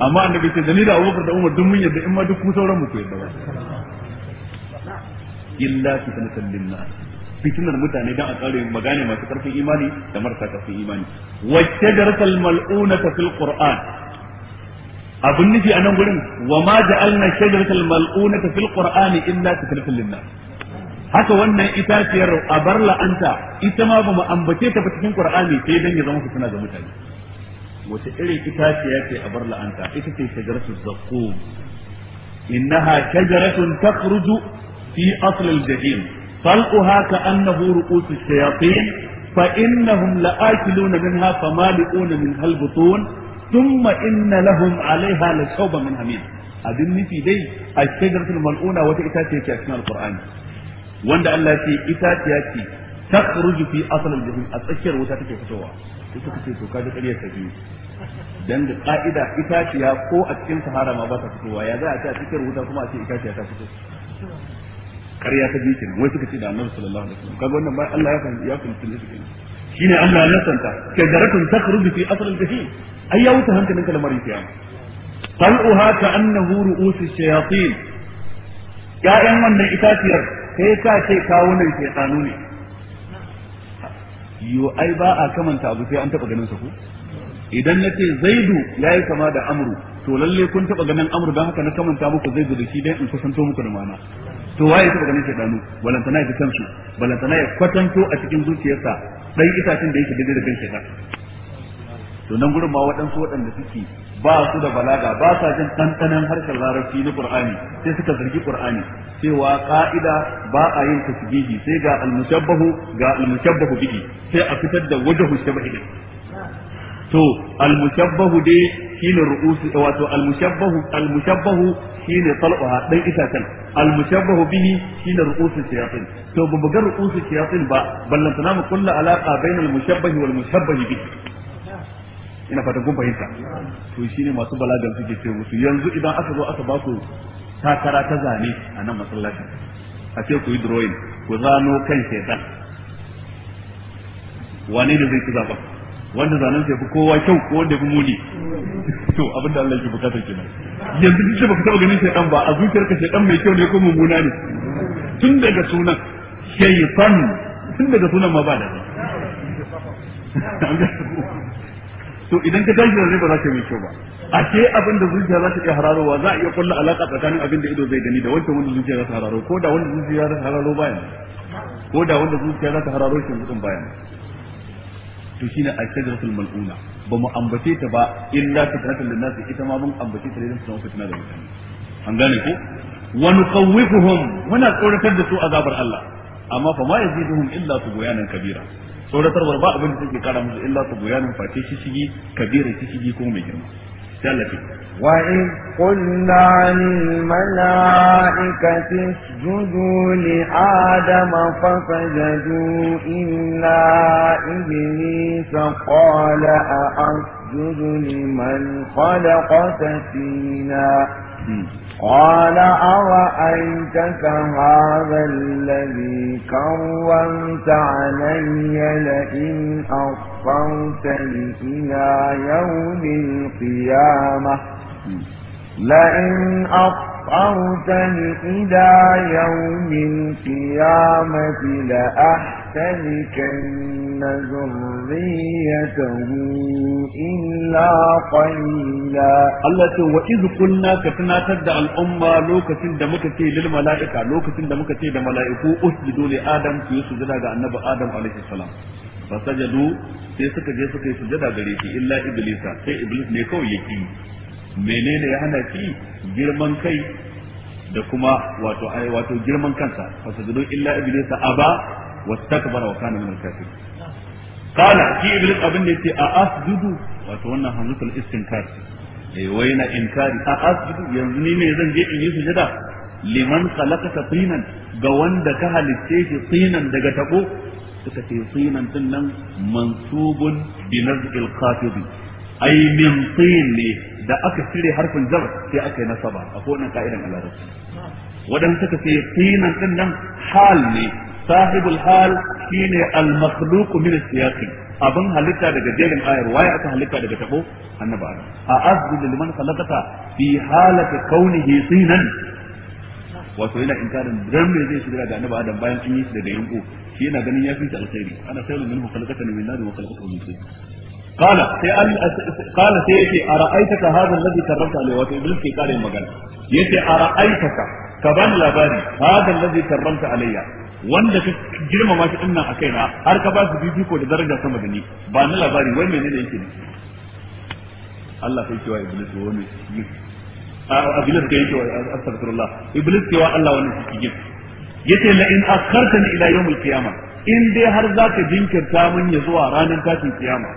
amma annabi ce dalila abubakar da umar duk mun yadda in ma duk ku sauran mu ku yadda ba illa fitnatan linnas fitinar mutane dan a tsare magana masu karfin imani da marasa karfin imani wacce darasal ta fil qur'an abun nufi a nan gurin wa ma ja'alna shajaratal ta fil qur'ani illa fitnatan linnas haka wannan itaciyar a bar la'anta ita ma bamu ambace ta cikin Kur'ani sai dan ya zama fitina ga mutane wace irin itaciya ce a bar la'anta ita ce shajaratu zaqqum innaha shajaratun takhruju fi asl al-jahim falquha ka annahu ru'us ash-shayatin fa innahum la'akiluna minha famaliquna min al-butun thumma inna lahum 'alayha la-shawban min hamim abin nifi dai a shajaratul mal'una wata itaciya ce a wanda Allah ce itaciya ce takhruju fi asalin jahim a tsakiyar wuta take fitowa sai suka ce to kaji ƙaryar ta biyu dan da ka'ida itaciya ko a cikin sahara ma ba ta fitowa ya za a ce a tsakiyar wuta kuma a ce itaciya ta fito Kariya ta biyu kenan wai suka ce da annabi sallallahu alaihi wasallam kaga wannan ba Allah ya fahimci ya fahimci ne kenan shine Allah ya santa kajaratun takhruju fi asalin jahim ai ya wuta hankalinka lamarin kiyama طلعها كأنه رؤوس الشياطين Ya'yan أيها itaciyar. kai ka ce kawunan shaytanu ne yo ai ba a kamanta abu sai an taba ganin sa ko idan na ce zaidu yayi kama da amru to lalle kun taba ganin amru dan haka na kamanta muku zaidu da shi dai in kusanto muku da mana to waye taba ganin shaytanu balantana ya kansu balantana ya kwatanto a cikin zuciyarsa dan itacin da yake daidai da kan ka? to nan gurin ma waɗansu waɗanda suke ba su da balaga ba sa jin tantanan harshen larabci na qur'ani sai suka zargi qur'ani cewa ka'ida ba a yin tasbihi sai ga al-mushabbahu ga al-mushabbahu bihi sai a fitar da wajhu shabahi to al-mushabbahu dai shine ru'usi wato al-mushabbahu al-mushabbahu shine tal'uha dan itatan al-mushabbahu bihi shine ru'usi shayatin to babu ga ru'usi shayatin ba ballantana mu kullu alaqa bainal mushabbahi wal mushabbahi bihi ina fata kun fahimta to shi ne masu balagan suke ce musu yanzu idan aka zo aka ba ku takara ta zane a nan masallacin a ce ku yi drawing ku zano kan shaitan wane ne zai ci zaba wanda zanen sai fi kowa kyau ko wanda fi muni to abin da Allah ke bukatar kenan yanzu duk da baka taba ganin shaitan ba a zuciyar ka shaitan mai kyau ne ko mummuna ne tun daga sunan shaitan tun daga sunan ma ba da to idan ka gaji da ba za ka yi kyau ba a ce abin da zuciya za ta iya hararowa za a iya kulla alaka tsakanin abin da ido zai gani da wancan wanda zuciya za ta hararo ko da wanda zuciya za ta hararo bayan ko da wanda zuciya za ta hararo shi mutum bayan to shine al-shajaratul mal'una ba mu ambace ta ba illa fitratul nasu ita ma mun ambace ta ne don fitina da mutane an gane ko wa nuqawwifuhum muna tsoratar da su azabar Allah amma fa ma yaziduhum illa tughyanan kabira tsoratarwar ba abin da take kara musu illa su goyanin face shi shigi kabira shi shigi ko mai girma sai Allah wa
in qulna lil malaikati li illa qala liman tina قال أرأيتك هذا الذي كرمت علي لئن أخرتني إلى يوم القيامة لئن أخرتني إلى يوم القيامة لأحتلكن ذريته إلا قليلا التي
وإذ قلنا كتنا تدع الأمة لوكة دمكتي للملائكة لوكة دمكتي للملائكة أسجدوا لآدم في سجدة النبي آدم عليه السلام فسجدوا سيسك جيسك je suka yi sujada gare shi illa iblisa sai iblis ne kawai yake menene ya hana shi girman kai da kuma wato ai wato girman kansa fasajadu illa iblis aba wastakbara wa kana min al-kafirin qala ki iblis abin da yace a asjudu wato wannan hamzatul istinkar eh wai na inkari a asjudu yanzu ni ne zan je in yi sujada liman khalaqaka tinan ga wanda ka halitte shi tinan daga tabo suka ce tinan din nan mansubun bi nazil khafidi ay min tin ne da aka cire harfin jar sai aka yi nasaba a kowane ka'idan a larabci waɗanda suka ce hinan din nan hal ne sahibul hal shine al makhluqu min siyaqi abin halitta daga jerin ayar waye aka halitta daga tabo annabi adam a azdu liman khalaqata fi halati kaunihi sinan wato yana inkarin dan me zai shiga da annabi adam bayan an yi shi daga yanko shi yana ganin ya fi ta alkhairi ana sayyidun minhu khalaqatan min nar wa khalaqatahu min tin qala sai an qala sai yace ara'aitaka hadha alladhi karramta alayhi wato iblis ke kare magana yace ara'aitaka ka ban labari hadha alladhi karramta alayya wanda ka girmama shi dinnan akai na har ka ba su bibiko da daraja sama da ni ba ni labari wai menene yake ne Allah sai cewa iblis wani iblis kai cewa astaghfirullah iblis cewa Allah wani cikin yace la in akhartani ila yawm al-qiyamah in dai har zaka jinkirta mun ya zuwa ranar tashin kiyama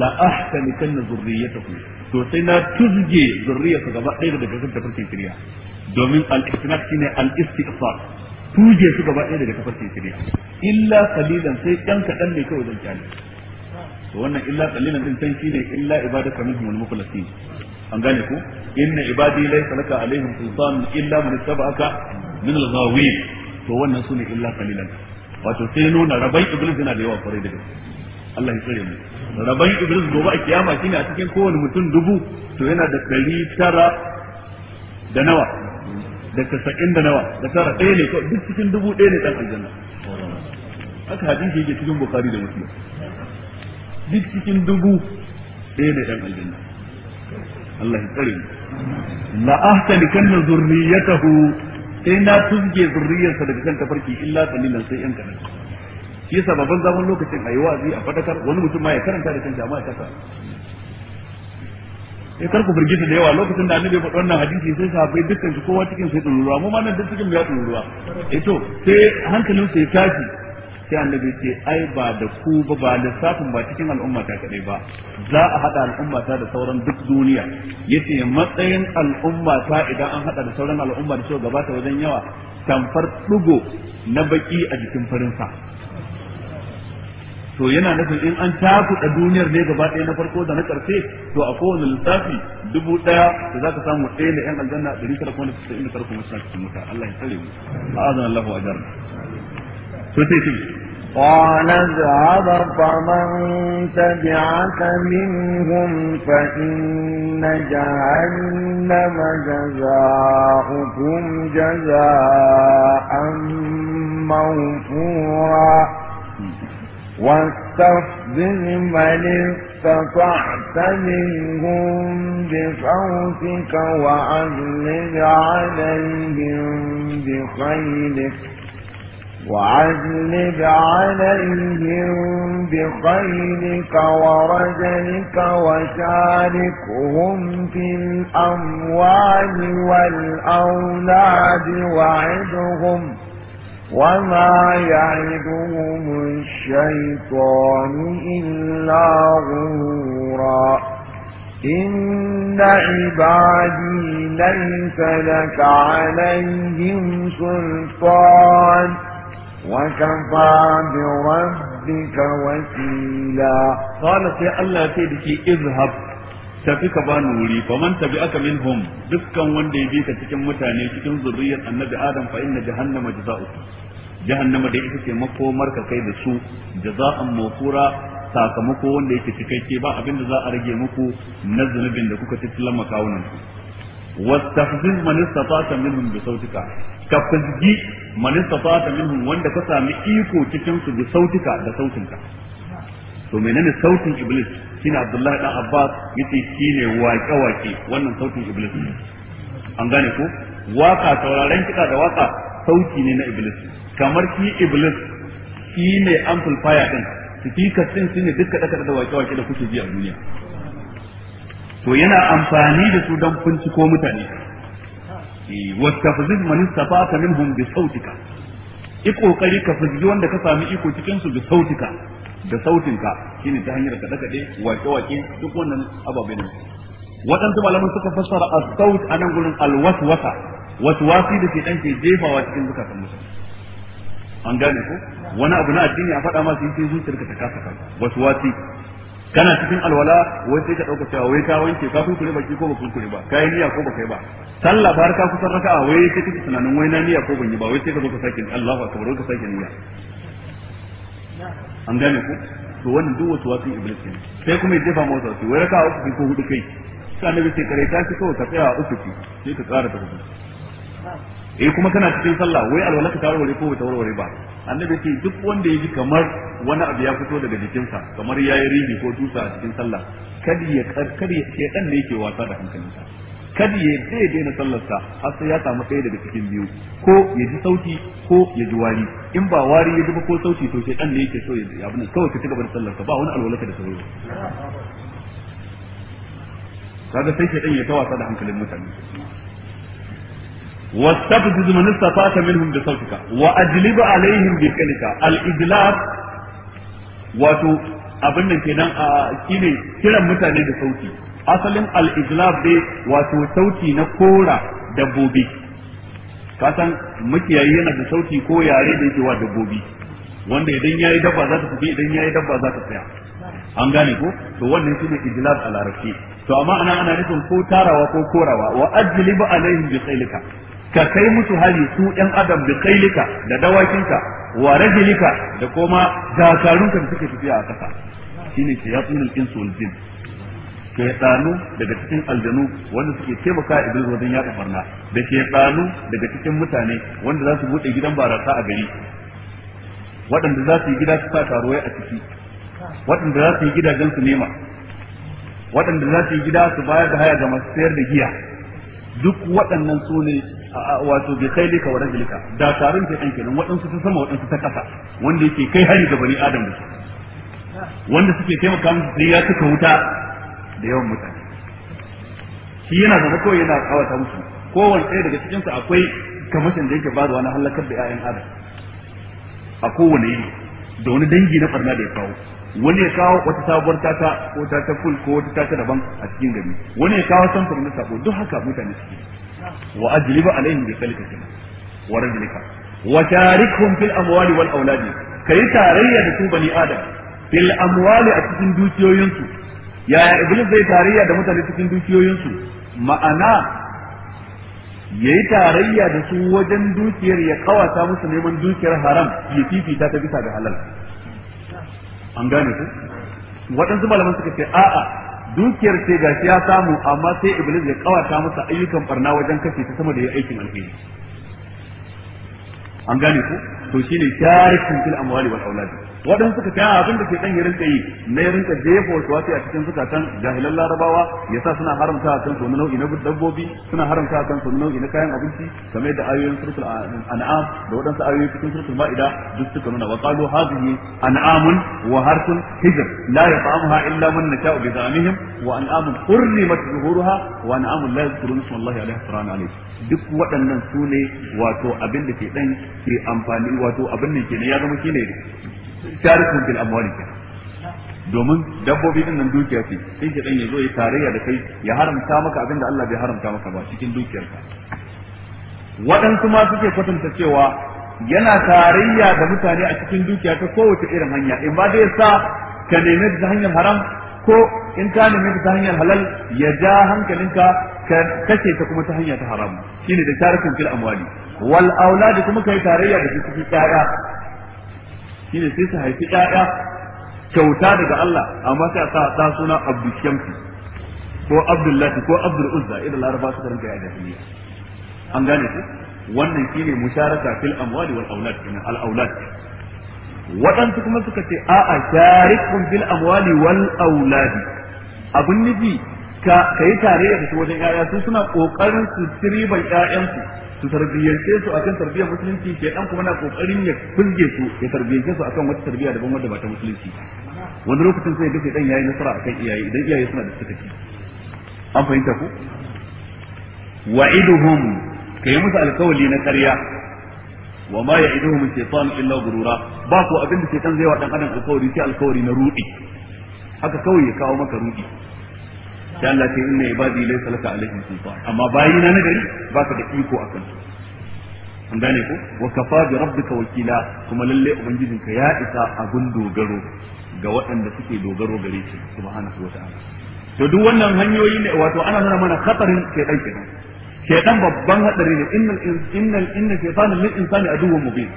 la ahtanikanna zurriyatahu to sai na tuzge zurriyarsa gaba ɗaya daga cikin tafarkin shari'a domin al-istinaq shine al-istiqsar tuje su gaba ɗaya daga tafarkin shari'a illa qalilan sai ɗan kaɗan ne kawai zan kyale to wannan illa qalilan din san shine illa ibadaka minhum al-mukhlasin an gane ku inna ibadi laysa laka alaihim sultan illa man ittaba'aka min al-ghawin to wannan sune illa qalilan wato sai nuna rabai iblis yana da yawa kwarai da gaske Allah ya tsare mu rabon iblis gobe a kiyama shine a cikin kowane mutum dubu to yana da ɗari tara da nawa da tasa'in da nawa da tara ɗaya ne duk cikin dubu ɗaya ne ɗan aljanna haka hadisi yake cikin bukari da muslim duk cikin dubu ɗaya ne ɗan aljanna Allah ya tsare mu la ahtani kanna zurriyatahu sai na tuzge zurriyarsa daga kan tafarki illa qalilan sai yan kadan shi yasa babban zaman lokacin a yi wa'azi a fadakar wani mutum ma ya karanta da kan jama'a ta kasa sai eh, kar ku firgita da yawa lokacin da annabi ya faɗi wannan hadisi sai sahabbai dukkan su kowa cikin sai tsururuwa mu ma nan duk cikin ya tsururuwa eh to sai hankalin sai ya tashi sai annabi ce ai ba da ku ba ba lissafin ba cikin al'umma ta kadai ba za a hada al'umma ta da sauran duk duniya yace matsayin al'umma ta idan an hada da sauran al'umma da suka gabata wajen yawa tamfar dugo na baki a jikin farin sa to yana nufin in an takuɗa duniyar ne gaba ɗaya na farko da na ƙarfe to a kowane lissafi dubu ɗaya da za ka samu ɗaya da ƴan aljanna ɗari tara kuma da tasa'in inda tara kuma suna cikin wuta Allah ya tsare mu a'azan Allahu ajarna to sai sai قال اذهب
فمن تبعك منهم فإن جهنم جزاؤكم جزاء موفورا واستفزز من استطعت منهم بصوتك وأغلب عليهم بخيلك وأغلب عليهم بخيلك ورجلك وشاركهم في الأموال والأولاد وعدهم وما يعدهم الشيطان إلا غرورا إن عبادي ليس لك عليهم سلطان وكفى بربك وكيلا
قالت يا الله سيدك اذهب tafi ka bani wuri fa man aka min minhum dukkan wanda ya bi ka cikin mutane cikin zurriyar annabi adam fa inna jahannama jazaa'uka jahannama da ita ce makomar ka kai da su jaza'an mawfura sakamako wanda yake cikakke ba abin da za a rage muku na zunubin da kuka tattalan makawunan ku wastahziz man istata'ta minhum bi sautika ka fizgi man istata'ta minhum wanda ka sami iko cikin su bi sautika da sautinka to menene sautin iblis shine Abdullahi dan Abbas yace shine waƙe waƙe wannan sautin iblis ne an gane ko waka sauraren kiɗa da waka sauti ne na iblis kamar shi iblis shine amplifier din speaker din shine duka daka da waƙe waƙe da kuke ji a duniya to yana amfani da su don binciko mutane eh, wastafziz man istafaka minhum bi sautika iko kokari ka fizgi wanda ka sami iko cikin su bi sautika da sautinka shine ta hanyar kaɗe kaɗe wake wake duk wannan ababai ne waɗansu malaman suka fassara as-saut anan gurin al-waswasa waswasi da ke dan ke jefawa cikin zukatan mutane an gane ko wani abu na addini a faɗa ma su yi ka ta kasa kanka waswasi kana cikin alwala wai sai ka dauka cewa wai ka wanke ka kunkure baki ko ba kunkure ba kai niyya ko ba kai ba sallah har ka kusan raka'a wai sai kake tunanin wai na niyya ko ban yi ba wai sai ka zo ka sake Allahu akbar ka sake niyya an gane ku to wannan duk wasu wasu iblis ne sai kuma ya jefa masa wasu wai raka uku ko hudu kai sai annabi sai kare ta shi kawai ka tsaya a uku sai ka tsara ta hudu eh kuma kana cikin sallah wai alwala ka warware ko ta warware ba annabi ce duk wanda ya ji kamar wani abu ya fito daga jikinsa kamar yayi ribi ko dusa a cikin sallah kadi ya kadi ya dan ne yake wasa da hankalinsa kada ya yarda daina sallarsa har sai ya samu ɗaya daga cikin biyu ko ya ji sauti ko ya ji wari in ba wari ya ji ba ko sauti to sai dan ne yake so ya abin kawai ka ci gaba da sallarka ba wani alwalaka da sauri kaga sai ke dan ya tawasa da hankalin mutane واستفزز من استطعت منهم بصوتك واجلب عليهم بفعلك الاجلاب wato abin nan kenan a shine kiran mutane da sauti asalin al-ijlab dai wato sauti na kora dabbobi kasan makiyayi yana da sauti ko yare da yake wa dabbobi wanda idan yayi dabba za ta tafi idan yayi dabba za ta tsaya an gane ko to wannan shine ijlab a larabci to amma ana ana nufin ko tarawa ko korawa wa ajlib alaihim bi khailika ka kai musu hali su yan adam bi khailika da dawakinka wa rajulika da kuma dakarunka da suke tafiya a kasa shine shayatunul insu wal jin tsanu daga cikin aljanu wanda suke taimaka a iblis wajen yaɗa barna da tsanu daga cikin mutane wanda za su buɗe gidan barasa a gari waɗanda za su yi gida su sa taro a ciki waɗanda za su yi gidajen su nema waɗanda za su yi gida su bayar da haya ga masu sayar da giya duk waɗannan su ne wato bi lika wa rajulika da tarin ke nan waɗansu ta sama waɗansu ta ƙasa wanda yake kai hari ga bani adam da su wanda suke taimaka musu sai ya cika wuta da yawan mutane shi yana zama kawai yana kawata musu kowane ɗaya daga cikinsu akwai kamashin da yake bayarwa na halakar da 'ya'yan adam a kowane yi da wani dangi na farna da ya kawo wani ya kawo wata sabuwar tata ko tata ful ko wata tata daban a cikin gari wani ya kawo samfur na sako duk haka mutane suke wa ajliba alaihim bi kalika kina wa rajulika wa tarikhum fil amwali wal auladi kai tarayya da su bani adam fil amwali a cikin dukiyoyinsu yaya iblis zai tarayya da mutane cikin dukiyoyinsu ma'ana ya yi tarayya da su wajen dukiyar ya kawata musu neman dukiyar haram ya fifita ta bisa ga halal an gane ku waɗansu malaman suka ce a'a dukiyar ce ga ya samu amma sai iblis ya kawata musu ayyukan barna wajen kashe ta sama da ya aikin alheri an gane ku to shine tarikin fil amwali wal auladi waɗansu suka ta abin da ke ɗan ya rinka yi na ya rinka jefa wasu wasu a cikin kan jahilan larabawa ya sa suna haramta a kan sunan nau'i na dabbobi suna haramta a kan sunan nau'i na kayan abinci game da ayoyin surtul an'am da waɗansu ayoyi cikin surtul ma'ida duk suka nuna wa qalu hadhihi an'amun wa harsun hijr la yat'amuha illa man nasha'u bi zamihim wa an'amun hurrimat zuhuruha wa an'amun la yadhkuruna isma Allah alaihi salam alaihi duk waɗannan su ne wato abin da ke dan ke amfani wato abin da ke ya zama shine sharikun bil amwali domin dabbobi din nan dukiya ce sai ki dan yazo ya tarayya da kai ya haramta maka abin da Allah bai haramta maka ba cikin dukiyarka waɗansu ma suke kwatanta cewa yana tarayya da mutane a cikin dukiya ta kowace irin hanya in ba zai sa ka nemi ta hanyar haram ko in ka nemi ta hanyar halal ya ja hankalinka ka kashe ta kuma ta hanya ta haram shine da tarikin fil amwali wal aulad kuma kai tarayya da cikin ƴaƴa shine sai su haifi ƴaƴa kyauta daga Allah amma sai a sa ɗa suna Abdul Shamsi ko Abdullahi ko Abdul Uzza idan Laraba suka rinka ya jahiliya an gane ku wannan shine musharaka fil amwali wal aulad min al aulad waɗansu kuma suka ce a'a sharikun bil amwali wal auladi abin nufi ka yi tare da su wajen 'ya'ya su suna ƙoƙarin su riban 'ya'yansu su tarbiyyance su akan tarbiyyar musulunci ke dan kuma na kokarin ya kunge su ya tarbiyyance su akan wata tarbiyya daban wanda ba ta musulunci wani lokacin sai ga sai dan yayi nasara akan iyaye idan iyaye suna da sakaci an fahimta ku wa'iduhum kai musu alkawali na ƙarya wa ma ya'iduhum shaytan illa gurura ba ko abin da shaytan zai wa dan adam alkawari sai alkawari na rudi haka kawai ya kawo maka rudi
sai Allah ce inna ibadi
laysa laka alaihim sultan amma bayina na gari baka da iko akan su an gane ko wa kafa bi rabbika wakila kuma lalle ka ya isa abun dogaro ga waɗanda suke dogaro gare shi subhanahu wa ta'ala to duk wannan hanyoyi ne wato ana nuna mana khatarin shedan kenan shedan babban hadari ne innal innal inna shaytana lil insani aduwwun mubin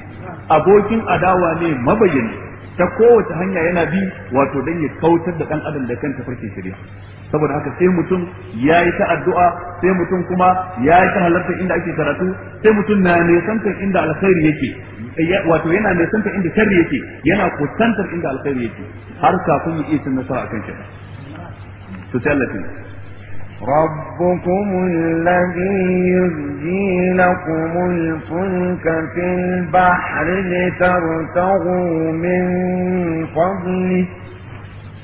abokin adawa ne mabayyani ta kowace hanya yana bi wato dan ya kautar da dan adam da kanta tafarkin shari'a saboda haka sai mutum ya yi ta addu'a sai mutum kuma ya yi ta halarta inda ake karatu sai mutum na nesantar inda alkhairi yake wato yana nesantar inda sharri yake yana kusantar inda alkhairi yake har kafin ya iya cin
nasara akan shi to sai Allah ربكم الذي يزجي لكم الفلك في البحر لترتغوا من فضله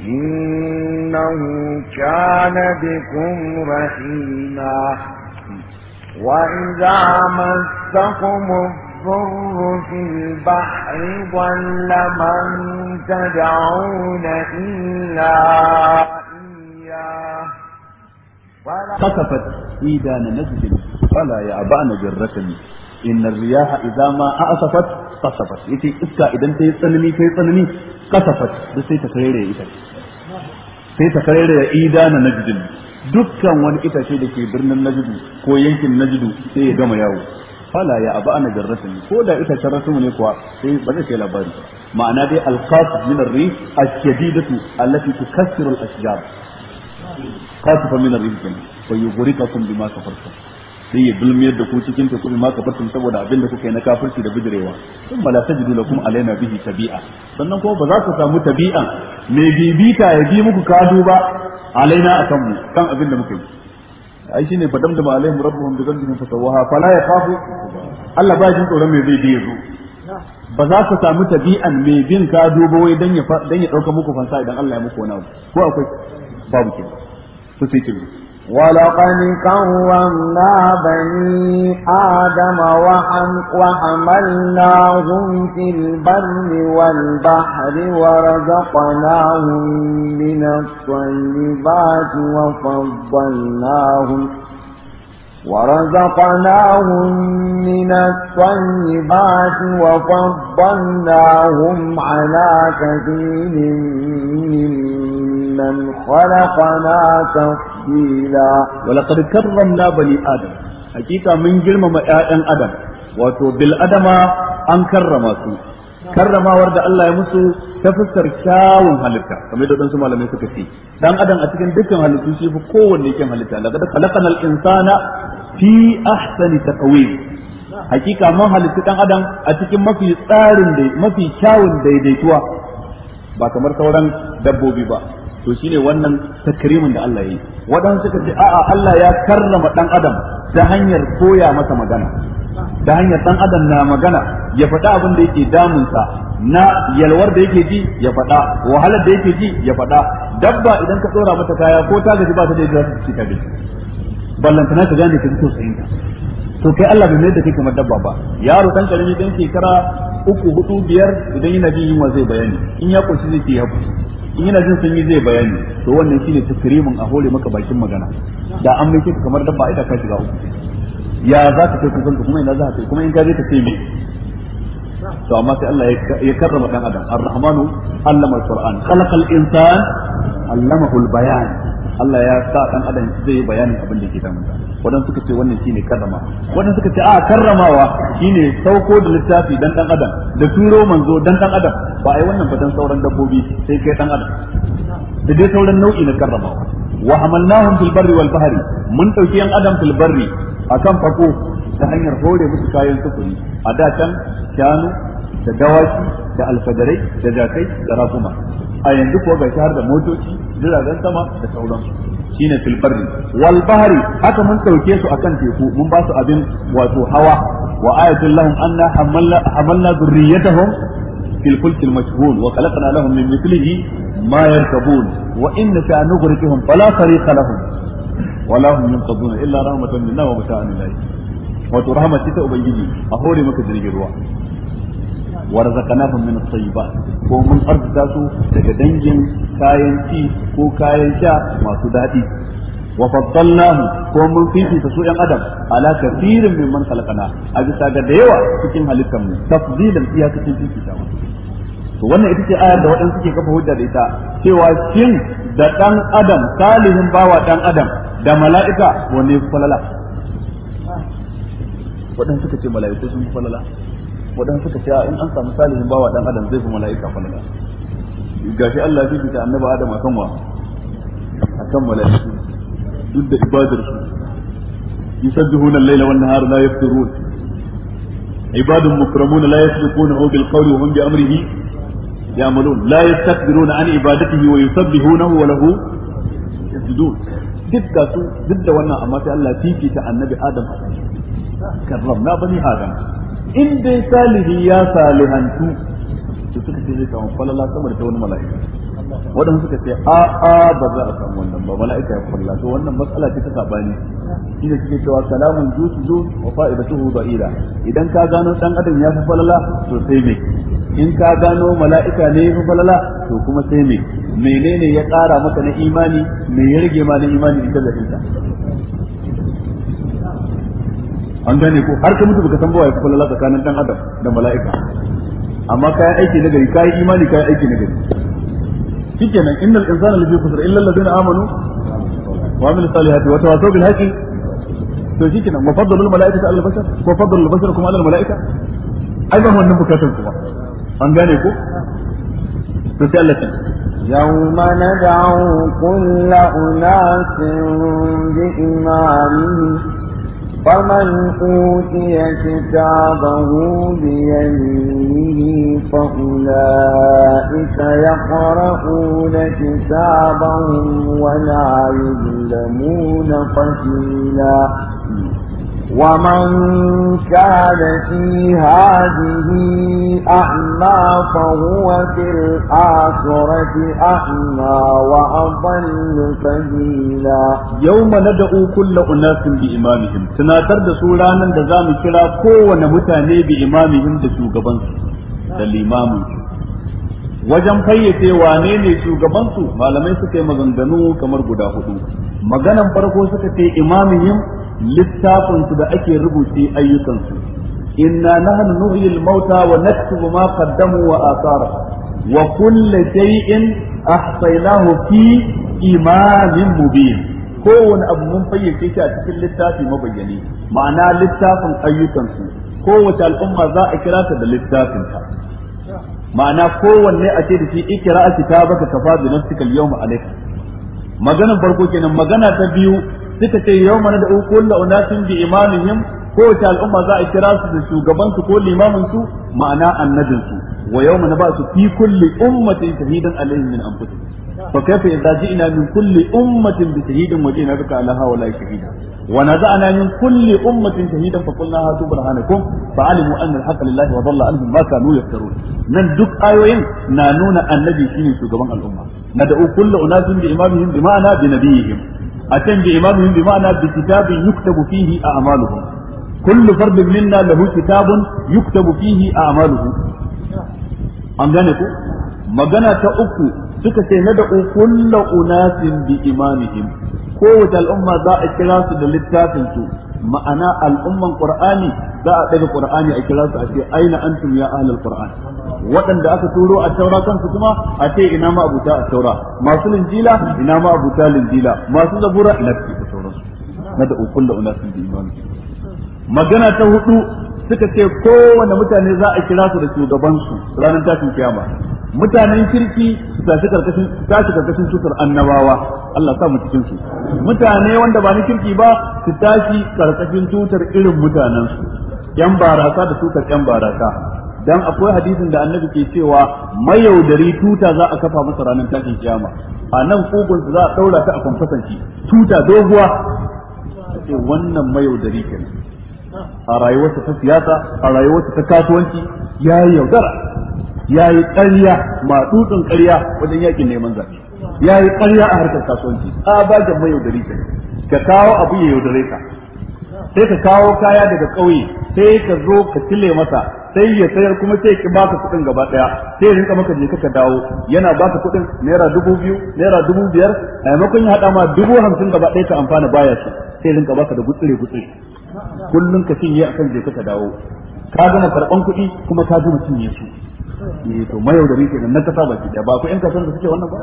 إنه كان بكم رحيما وإذا مسكم الضر في البحر ضل من تدعون إلا إياه خسفت إيدان
نجد فلا يعبان جرة إن الرياح إذا ما أعصفت خسفت يتي إسكا إذا تيسنني تيسنني kasafat duk sai ta karere ita sai ta karere idana najdin dukkan wani itace da ke birnin najdu ko yankin najidu sai ya gama yawo fala ya aba ana bin rasmi ko da itacen rasmi ne kuwa sai ba zai kai labari ma'ana dai alqasif min ar-rih ash-shadidatu allati tukassiru al-ashjar qasifa min ar-rih fa yughriqakum bima kafartum sai ya dulmiyar da ku cikin ta kuma maka farkin saboda abin da kuka yi na kafirci da bijirewa sun mala tajidu lakum alaina bihi tabi'a sannan kuma ba za ku samu tabi'a mai bibita ya bi muku kadu ba alaina akan mu kan abin da muka yi ai shine fadam da alaihim rabbuhum bi dhanbihim fatawaha fala yaqafu Allah ba jin tsoron mai zai bi yazo ba za ka samu tabi'an mai bin kadu ba wai dan ya dan ya dauka muku fansa idan Allah ya muku wani abu ko akwai babu kenan to sai kenan
ولقد كرمنا بني آدم وحملناهم في البر والبحر ورزقناهم من الطيبات وفضلناهم ورزقناهم من الطيبات وفضلناهم على كثير من ممن خلقنا تفصيلا ولقد كرمنا بني
ادم حقيقه من جرم آدم آدم wato bil adama an karrama su karramawar da Allah ya musu ta fuskar kyawun halitta kamar da su malamai suka ce dan adam a cikin dukkan halittu shi fi kowanne kyan halitta da khalaqana al insana fi ahsani taqwim hakika mun halittu dan adam a cikin mafi tsarin da mafi kyawun daidaituwa ba kamar sauran dabbobi ba to shine wannan takrimin da Allah ya yi waɗansu suka ce a'a Allah ya karrama dan adam da hanyar koya masa magana da hanyar dan adam na magana ya faɗa abin da yake damunsa na yalwar da yake ji ya faɗa wahalar da yake ji ya faɗa dabba idan ka tsora mata kaya ko ta gaji ba ta da yadda za ta ci ta gaji ta gane ka ji tausayin ta to kai Allah bai mai da kai kamar dabba ba yaro kan karimi dan shekara uku hudu biyar idan yana jin yunwa zai bayani in ya kunshi zai ce ya in yana jin yi zai bayani to wannan shine takrimin a hore maka bakin magana da an mai kika kamar dabba ita ka shiga uku ya za ka kai kusan kuma ina za ka kai kuma in ka je ka sai me to amma sai Allah ya karrama dan adam ar-rahmanu allama al-qur'an khalaqal insan allamahu al-bayan Allah ya sa dan adam zai yi bayanin abin da ke damunsa wadanda suka ce wannan shine karrama wadanda suka
ce a ah, karramawa
shine sauko da littafi dan dan adam da turo manzo dan dan adam ba ai wannan fadan sauran dabbobi sai kai dan adam da dai sauran nau'i na karramawa wa hamalnahum fil barri wal bahri mun dauki yan adam fil barri akan fako ta hanyar hore musu kayan sufuri a da can shanu da dawaki da alfadarai da jakai da rakuma a yanzu kuwa ga shahar da motoci jiragen sama da sauransu shine fil barri wal bahri haka mun dauke su akan teku mun ba su abin wato hawa wa ayatul lahum anna hamalna hamalna fil fulk al mashhun wa khalaqna lahum min mithlihi ma yarkabun wa fala tariqa lahum illa rahmatan minna wa mata'an ilayhi ubangiji a hore maka jirgin ruwa warzaqnahum min at-tayyibat ko mun arzuta su daga dangin kayan ci ko kayan sha masu daɗi wa faddalnahu ko mun fifita su yan adam ala kafirin mimman khalaqana a bisa ga da yawa cikin halittar mu tafdilan iya cikin fifita to wannan ita ce ayar da waɗansu ke kafa hujja da ita cewa shin da ɗan adam salihin bawa ɗan adam da mala'ika wanne falala waɗansu suka ce mala'iku sun falala wadan suka ce in an samu salihin bawa dan adam zai fi mala'ika falala gashi Allah zai fita annabi Adam akan wa akan mala'iku duk da ibadar su yusabbihuna al-laila wan nahara la yafturun ibadun mukramuna la yasbiqunahu bil qawli wa hum bi amrihi ya'malun la yastakbiruna an ibadatihi wa yusabbihunahu wa lahu yasjudun duk ga su duk da wannan amma sai Allah ya fifita annabi Adam karramna bani Adam in dai salihi ya salihantu to suka ce zai samu falala sama da ta wani mala'ika wadanda suka ce a a ba za a samu wannan ba mala'ika ya falala to wannan matsala ce ta sabani shi ne suke cewa salamun jutu zu wa fa'idatuhu ba'ida idan ka gano dan adam ya fi falala to sai me in ka gano mala'ika ne ya fi falala to kuma sai me menene ya ƙara maka na imani me ya rage ma na imani in tallafin an gane ko har ka mutu baka san ba wai kullala tsakanin dan adam da mala'ika amma kayan aiki na gari kayan imani kayan aiki na gari shikenan innal insana lafi khusr illa alladhina amanu wa amilu salihati wa tawassaw bil haqqi to shikenan wa faddalul mala'ikata ala al-bashar wa faddalul bashar kuma ala al-mala'ika ai ba wannan bukatar
kuma an gane ko to sai Allah يوم ندعو كل أناس بإمامهم فمن أوتي كتابه بيمينه فأولئك يقرؤون كتابهم ولا يظلمون قتيلا ومن كان في هذه أعمى فهو في الآخرة أعمى وأضل سبيلا يوم ندعو كل أناس بإمامهم
سناتر دسولانا دزام كلا كون متاني بإمامهم دسوق بنس للإمام wajen fayyace wane ne shugaban malamai suka yi maganganu kamar guda hudu maganan farko suka ce imamihim littafin su da ake rubuce ayyukansu. inna nahnu nuhyil mauta wa naktubu ma qaddamu wa athara wa in shay'in ahsaynahu fi imamin mubin kowane abu mun fayyace shi a cikin littafi mabayyani ma'ana littafin ayyukansu kowace al'umma za a kira ta da littafinta ma'ana kowanne a ce da shi ta baka kafa bi nafsika al-yawma alayka maganar farko kenan magana ta biyu suka ce yawma da kullu unasin bi imanihim kowace al'umma za a kira su da shugabansu ko limamin su ma'ana annabin su wa yawma su fi kulli ummatin shahidan alaihim min anfusihim fa kaifa idza ji'na min kulli ummatin bi shahidin wa ji'na bika ala haula shahida wa naza'na min kulli ummatin shahidan fa qulna hatu burhanakum fa alimu anna al-haqqa lillahi wa dhalla anhum ma nan duk ayoyin na nuna annabi shine shugaban al'umma nad'u kullu unasin bi imamihim bi ma'ana bi nabiyihim atan bi imamihim bi ma'ana bi kitabin ku magana ta uku suka ce na da'u kulla unasin bi imamihim kowace al'umma za a kira su da littafin su ma'ana al'umman qur'ani za a daga qur'ani a kira su a ce aina antum ya ahlul qur'an waɗanda aka turo a taura kansu kuma a ce ina ma abuta a taura masu linjila ina ma abuta linjila masu zabura ina ce a tauransu na da'u kulla unasin bi imamihim magana ta hudu suka ce kowane mutane za a kira su da shugabansu ranar tashin kiyama mutanen kirki su karkashin karkashin tutar annabawa Allah sa mu cikin su mutane wanda ba ni kirki ba su tashi karkashin tutar irin mutanen su yan barasa da tutar yan barasa dan akwai hadisin da annabi ke cewa mayaudari tuta za a kafa masa ranar tashin kiyama a nan kogon za a daura ta a kwamfasanci tuta doguwa wannan mayaudari kenan a rayuwarsa ta siyasa a rayuwarsa ta kasuwanci ya yi yaudara ya yi ƙarya matsutsun ƙarya wajen yakin neman zaɓe ya yi ƙarya a harkar kasuwanci a bajin mai yaudari ka ka kawo abu ya yaudare ka sai ka kawo kaya daga ƙauye sai ka zo ka cile masa sai ya sayar kuma sai ki baka kuɗin gaba ɗaya sai ya rinka maka jeka ka dawo yana baka kuɗin naira dubu biyu naira dubu biyar a maimakon ya haɗa ma dubu hamsin gaba ɗaya ka amfana baya su sai rinka baka da gutsire gutsire Kullum ka cinye akan je ka dawo ka gama karban kuɗi kuma ka gama cinye su eh to mayau da rike nan na kasa baki da ba ku yan kasan da suke wannan ba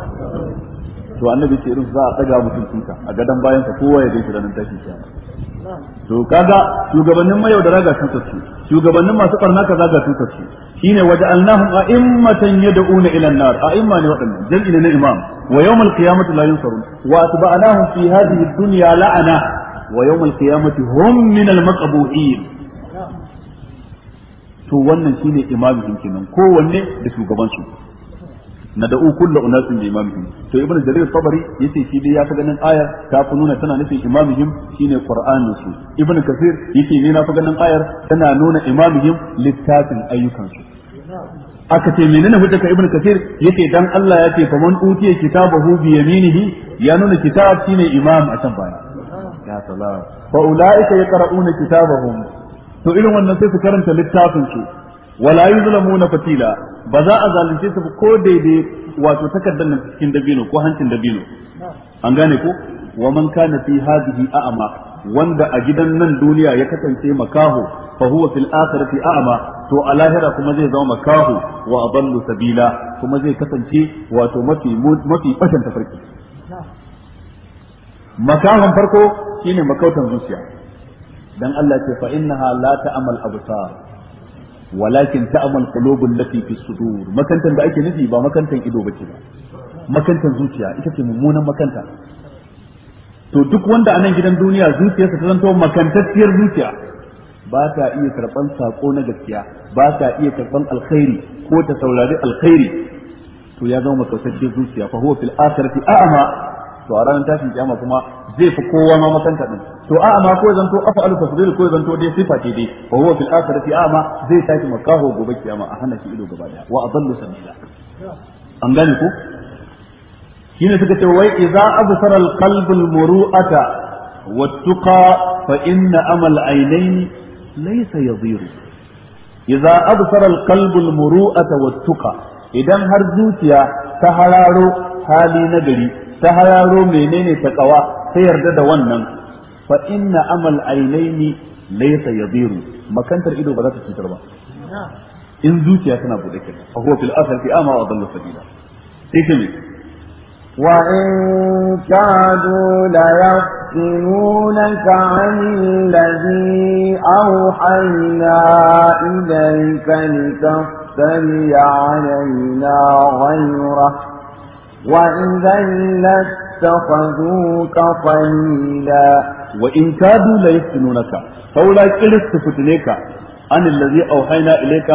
to annabi ce irin za a tsaga mutum tuka a gadan bayan ka kowa ya gaishe ranar tashin
kiyama
to kaga shugabannin mayau da raga sun su shugabannin masu barna kaza ga tutar su shine waja'alnahum a'immatan yad'una ila an-nar a'imma ne wadannan jam'i ne na imam wa yawm al-qiyamati la yunsarun wa atba'nahum fi hadhihi ad-dunya la'ana wa yawmal qiyamati hum min al maqbuhin to wannan shine imamin kenan kowanne da shugaban su nad'u kullu unasin bi imamihim to ibnu jarir tabari yace shi dai ya fi ganin ayar ta fi nuna tana nufin imamihim shine qur'anin su ibnu kasir yace ni na fi ganin ayar tana nuna imamihim littafin ayyukansu. su aka ce menene hujjar ka ibnu kasir yace dan Allah ya ce faman utiya kitabahu bi yaminihi ya nuna kitab shine imam a can baya ya salam fa ulaika yaqra'una kitabahum to irin wannan sai su karanta littafin su wala yuzlamuna fatila ba za a zalunce su ko daidai wato takardar nan cikin dabino ko hancin dabino an gane ko wa man kana fi hadhihi a'ma wanda a gidan nan duniya ya kasance makaho fa huwa fil akhirati a'ma to a lahira kuma zai zama makaho wa adallu sabila kuma zai kasance wato mafi mafi tafarki makahon farko shine makautan zuciya dan Allah ce fa innaha la ta'mal absar walakin ta'mal qulubul lati fi sudur makantan da ake nufi ba makantan ido bace ba makantan zuciya ita ce mummunan makanta to duk wanda a nan gidan duniya zuciyarsa ta zanto makantacciyar zuciya ba ta iya karban sako na gaskiya ba ta iya karban alkhairi ko ta saurari alkhairi to ya zama makautacciyar zuciya fa huwa fil akhirati a'ma to a ranar tashin kiyama kuma zai fi kowa ma makanta din to a ma ko zanto afa al tasdil ko zanto dai sifa ce dai wa huwa fil akhirati a'ma zai tashi makaho gobe kiyama a hana shi ido gaba daya wa adallu sabila an gane ko shine suka ce wai idza absara al qalbu al muru'ata wa tuqa fa inna amal aynayn laysa yadhiru idza absara al qalbu al muru'ata wa tuqa idan har zuciya ta hararo hali na gari. ta hararo menene ta kawa ta yarda da wannan fa inna amal ainaini laysa yadiru makantar ido ba za ta cutar ba in zuciya tana bude kenan fa huwa fil asl fi ama wa dalla sabila ikimi wa
in kadu la يسألونك عن الذي أوحينا إليك لتفتري علينا غيره وإذا لاتخذوك خليلا وإن كادوا ليفتنونك
فولا كلس تفتنيك عن الذي أوحينا إليك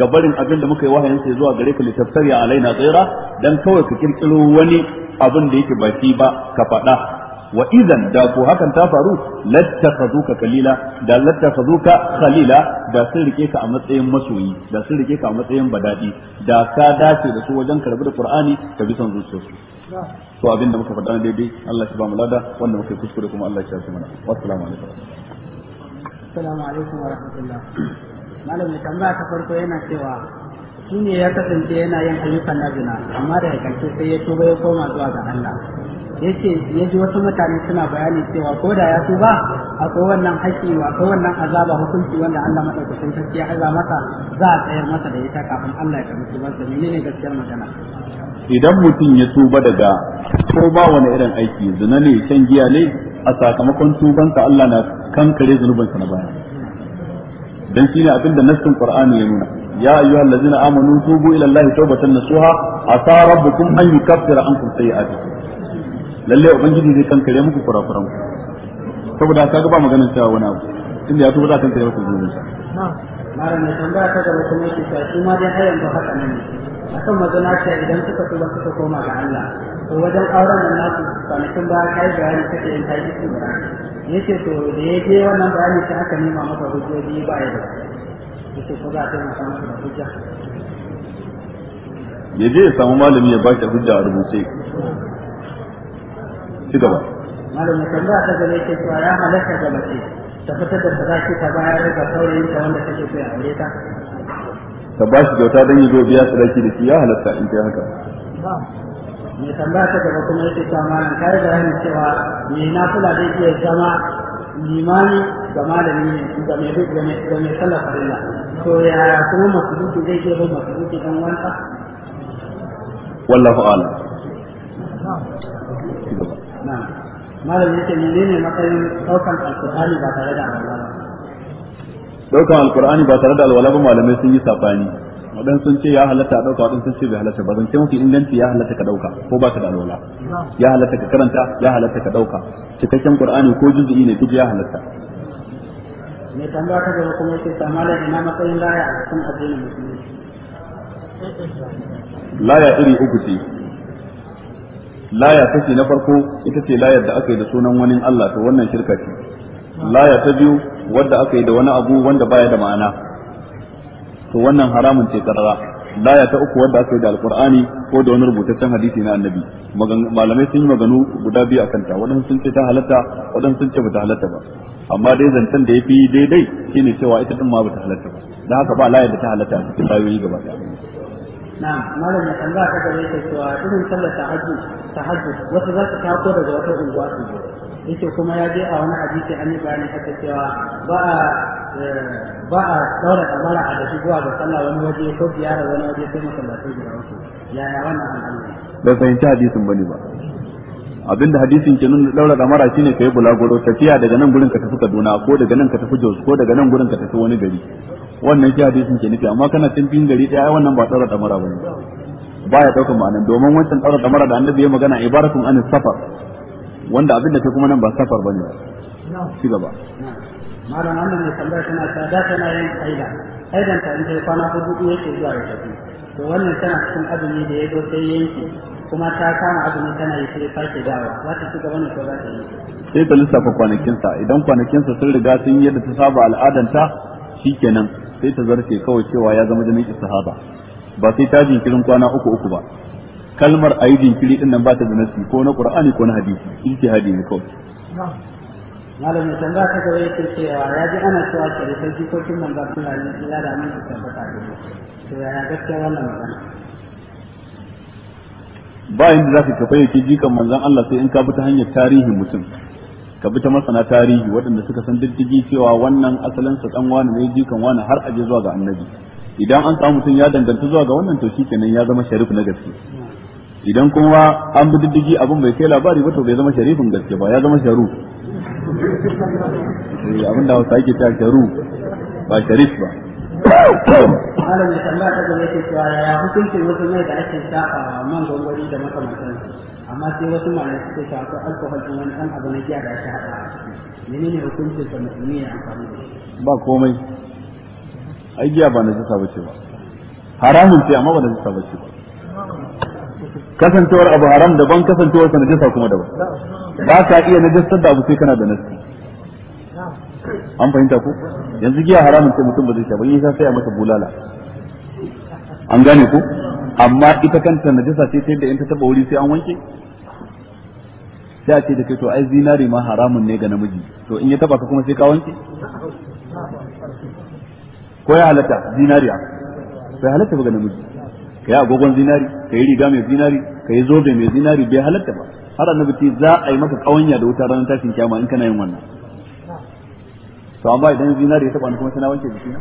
gabarin abin da muka yi wahayin sai zuwa gare ka litaftari alaina tsira dan kawai ka kirkiro wani abin da yake baki ba ka faɗa wa idan da ko hakan ta faru lattakhazuka kalila da lattakhazuka khalila da sun rike ka a matsayin masoyi da sun rike ka a matsayin badadi da ka dace da su wajen karbi da qur'ani ka bi son zuciyarsu to abinda muka faɗa na daidai Allah shi ba mu lada wanda muka kuskure kuma Allah shi ya mana assalamu alaikum
assalamu alaikum wa rahmatullah malam da tambaya ta farko yana cewa shine ya kasance yana yin ayyukan nazina amma da karshe sai ya tuba ya koma zuwa ga Allah yace ya ji wasu mutane suna bayani cewa ko da ya tuba akwai wannan haƙƙi akwai wannan azaba hukunci wanda Allah madaukakin sarki ya aza masa za a tsayar masa da ita kafin Allah ya karbi tubarsa menene gaskiyar magana
idan mutum ya tuba daga ko ba wani irin aiki zina ne shan giya ne a sakamakon tubansa Allah na kankare zunubansa na baya dan shine abin da nassin Qur'ani ya nuna ya ayyuhallazina amanu tubu ila Allah tawbatan nasuha asa rabbukum an yukaffira ankum sayi'atikum lalle ubangiji zai kankare muku kurakuran ku saboda ka ga ba maganar cewa wani abu inda ya tuba za kankare muku zunubin sa
malam mai tambaya ta gaba kuma yake cewa su ma dai har yanzu haka ne akan magana cewa idan suka tuba suka koma ga Allah to wajen auren nan nasu kwanakin ba kai bayani kake yin taji su ba yake to da ya je wannan bayani sai aka nema masa hujjoji ba ya da yake ko za ta masa masa da hujja
ya je ya samu malami ya baki hujja a rubuce ci gaba
malamin tambaya ta gaba yake cewa ya halatta ga mace ta fitar da sadaki ta bayar da saurayin ta wanda take so ya aure ta
ta ba shi kyauta don yi zo biya sadaki da shi ya halatta in kai
haka mai tambaya ta gaba kuma yake cewa malam ka riga yana cewa me mai nafila zai iya zama limani ga malami ne ga mai duk ga mai sallar farilla to yaya kuma masu masuduki zai iya masu masuduki don wanta wallahu a'lam malam yake menene matsayin daukan alqur'ani ba tare da alwala
daukan alqur'ani ba tare da alwala ba malamai sun yi safani wadan sun ce ya halatta a dauka wadan sun ce bai halatta ba zan zance mafi inganci ya halatta ka dauka ko ba ka da alwala ya halatta ka karanta ya halatta ka dauka cikakken qur'ani ko juz'i ne duk ya halatta
me tambaya ka gaba kuma yake tsamala ina matsayin laya a cikin addinin musulmi
laya iri uku ce laya kashi na farko ita ce layar da aka yi da sunan wani Allah to wannan shirka ce laya ta biyu wadda aka yi da wani abu wanda baya da ma'ana to wannan haramun ce karara laya ta uku wadda aka yi da alkur'ani ko da wani rubutaccen hadisi na annabi malamai sun yi maganu guda biyu akan ta wadansu sun ce ta halatta wadansu sun ce bata halatta ba amma dai zancen da ya fi daidai shine cewa ita din ma bata halatta ba dan haka ba layar da ta halatta a cikin layoyi gaba daya
na'am malam ya tambaya ka gare ta cewa irin sallar tahajjud tahajjud wasu za su tako daga wata unguwa su zo yake kuma ya je a wani hadisi an yi bayani haka cewa ba a eh, ba a daura kamara a dashi zuwa ga sallah wani waje ko ziyara wani waje sai masallatai guda wasu yaya wannan al'amari
bai fahimci hadisin bane ba abinda hadisin ke nuna daura da mara shine kai bulaguro tafiya daga nan gurin ka tafi Kaduna ko daga nan ka tafi Jos ko daga nan gurin ka tafi wani gari wannan shi hadisin ke nufi amma kana tambayin gari daya ai wannan ba daura mara bane baya daukar ma'anan domin wancan daura mara da annabi ya magana ibaratun anis safar wanda abin da ke kuma nan ba safar bane ci gaba
malam wannan ne tambaya tana ta da tana yin aida aidan ta in ta kwana duk yake zuwa ya tafi to wannan tana cikin azumi da ya zo sai yanki kuma ta kama azumi tana yi sai sake dawa za ta ci gaba ne ko za ta yi
sai ta lissafa kwanakinsa idan kwanakinsa sun riga sun yi yadda ta saba al'adanta shikenan sai ta zarce kawai cewa ya zama jami'in sahaba, ba sai ta jinkirin kwana uku uku ba kalmar ayi jinkiri din nan ba ta da nasi ko na qur'ani ko na hadisi ijtihadi ne kawai
malamin tanda ta gaba yake cewa ya ji ana cewa shari'a jikokin su Allah yi ya da mun tabbata da Ba in
da inda zaka ka fayyace jikan manzan Allah sai in ka bi ta hanyar tarihi mutum ka bi ta masana tarihi waɗanda suka san diddigi cewa wannan asalin sa dan wani ne jikan wani har aje zuwa ga annabi idan an samu mutum ya danganta zuwa ga wannan to shikenan ya zama sharif na gaske idan kuma an bi diddigi abin bai kai labari ba to bai zama sharifin gaske ba ya zama sharu eh, abin ake cewa sharu ba sharif ba
malam ya tambaya ta gaba yake cewa ya hukuncin wasu mai da ake shafa man gwangwani da makamantan amma sai wasu malamai suke shafa alkohol din wani ɗan abu na giya da ake haɗa ne hukuncin sa musulmi ya amfani da
shi ba komai ai giya ba na jisa bace ba haramun ce amma ba na jisa bace ba kasancewar abu haram daban kasancewar sa jasa kuma daban ba ka iya najasar da abu sai kana da nasi an fahimta ko yanzu giya haramun ce mutum ba zai sha ba yasa sai a masa bulala an gane ko amma ita kanta najasa ce ta yadda in ta taba wuri sai an wanke sai a ce da kai to ai zinari ma haramun ne ga namiji to in ya taba ka kuma sai ka wanke ko ya halatta zinari zinariya ya halatta ba ga namiji ka yi agogon zinari ka yi riga mai zinari ka yi zobe mai zinari bai halatta ba har annabi ce za a yi maka kawanya da wuta ranar tashin kyama in kana yin wannan to amma idan zinari ya taba ni kuma sai na wanke na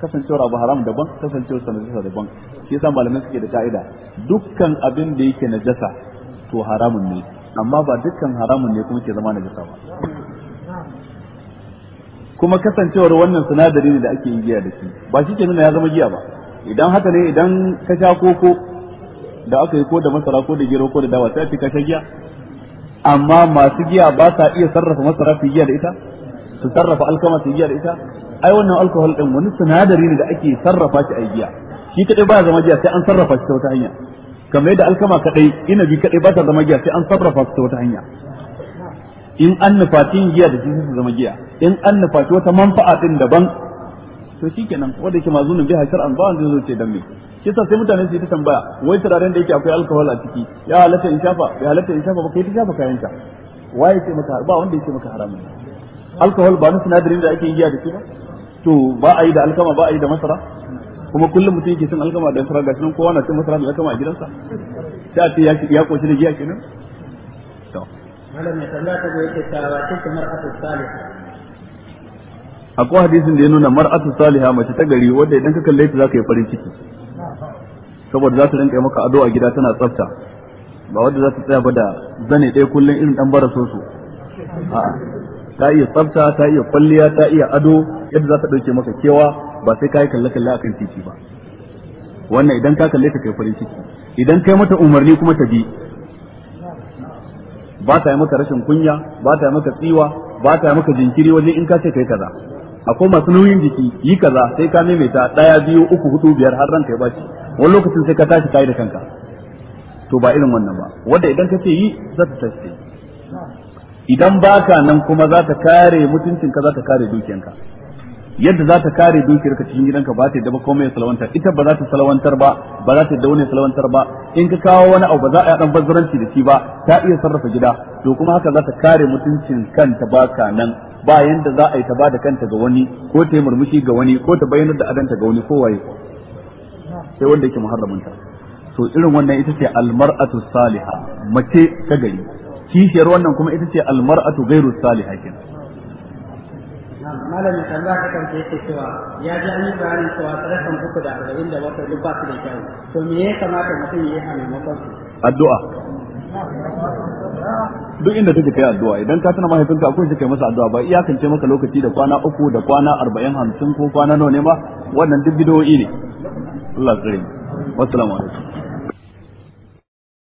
kasancewar abu haram daban kasancewar sanadisa daban shi yasa malamai suke da ka'ida dukkan abin da yake najasa to haramun ne amma ba dukkan haramun ne kuma ke zama najasa ba kuma kasancewar wannan sinadari ne da ake yin giya da shi ba shi ke nuna ya zama giya ba idan haka ne idan ka sha koko da aka yi ko da masara ko da gero ko da dawa sai ka sha giya amma masu giya ba sa iya sarrafa masara su giya da ita su sarrafa alkama su giya da ita ai wannan alcohol din wani sinadari ne da ake sarrafa shi a giya shi kadai ba zama giya sai an sarrafa shi ta wata hanya kamar yadda alkama kadai inabi kadai ba ta zama giya sai an sarrafa shi ta wata hanya in an nufaci giya da jinsi su zama giya in an nufaci wata manfa'a din daban to shikenan wanda yake mazunin biha shar'an ba wanda zai ce dan me kisa sai mutane su yi ta tambaya wai turaren da yake akwai alcohol a ciki ya halatta in shafa ya halatta in shafa ba kai ta shafa kayan ta waye ce maka ba wanda yake maka haramun Alkohol ba na sinadarin da ake giya da shi ba to ba a yi da alkama ba a yi da masara kuma kullum mutum yake son alkama da masara gashi nan kowa na cin masara da alkama a gidansa sai a ce ya ya koshi da giya kenan to
malam ya tambaya ta goyi ta kamar salihah
akwai hadisin da ya nuna mar'atu salihah mace ta gari wanda idan ka kalle ta zaka yi farin ciki saboda za ta rinka maka ado a gida tana tsafta ba wanda za ta tsaya ba da zane ɗaya kullum irin ɗan bara soso a'a ta iya tsafta ta iya kwalliya ta iya ado yadda za ta ɗauke maka kewa ba sai ka yi kalle kalle a kan titi ba wannan idan ka kalle ka kai farin ciki idan kai mata umarni kuma ta bi ba ta yi maka rashin kunya ba ta yi maka tsiwa ba ta yi maka jinkiri wajen in ka ce kai kaza akwai masu nauyin jiki yi kaza sai ka maimaita ɗaya biyu uku hudu biyar har ranka ya baci wani lokacin sai ka tashi kai da kanka to ba irin wannan ba wanda idan ka ce yi za ta tashi idan baka nan kuma za ta kare mutuncinka za ta kare dukiyanka yadda za ta kare dukiyarka cikin gidanka ba ta yi ba komai salawantar ita ba za ta salawantar ba ba za ta yi daune salawantar ba in ka kawo wani abu ba za a yi dan bazzaranci da shi ba ta iya sarrafa gida to kuma haka za ta kare mutuncin kanta baka nan ba yanda za a yi ta ba da kanta ga wani ko ta yi murmushi ga wani ko ta bayyana da adanta ga wani ko waye sai wanda yake muharramin ta to irin wannan ita ce almar'atu salihah mace ta gari kishiyar wannan kuma ita ce almar'atu ghairu salihatin
malamin tambaya ta kanta yake cewa ya ji an yi bayanin cewa sadakan uku da arba'in da bakwai duk ba su da kyau to me ya kamata mutum ya yi a maimakon
addu'a duk inda take kai addu'a idan ka tana mahaifinka akwai shi kai masa addu'a ba iyakance maka lokaci da kwana uku da kwana arba'in hamsin ko kwana nawa ne ba wannan duk bidowi ne Allah tsare mu wassalamu alaikum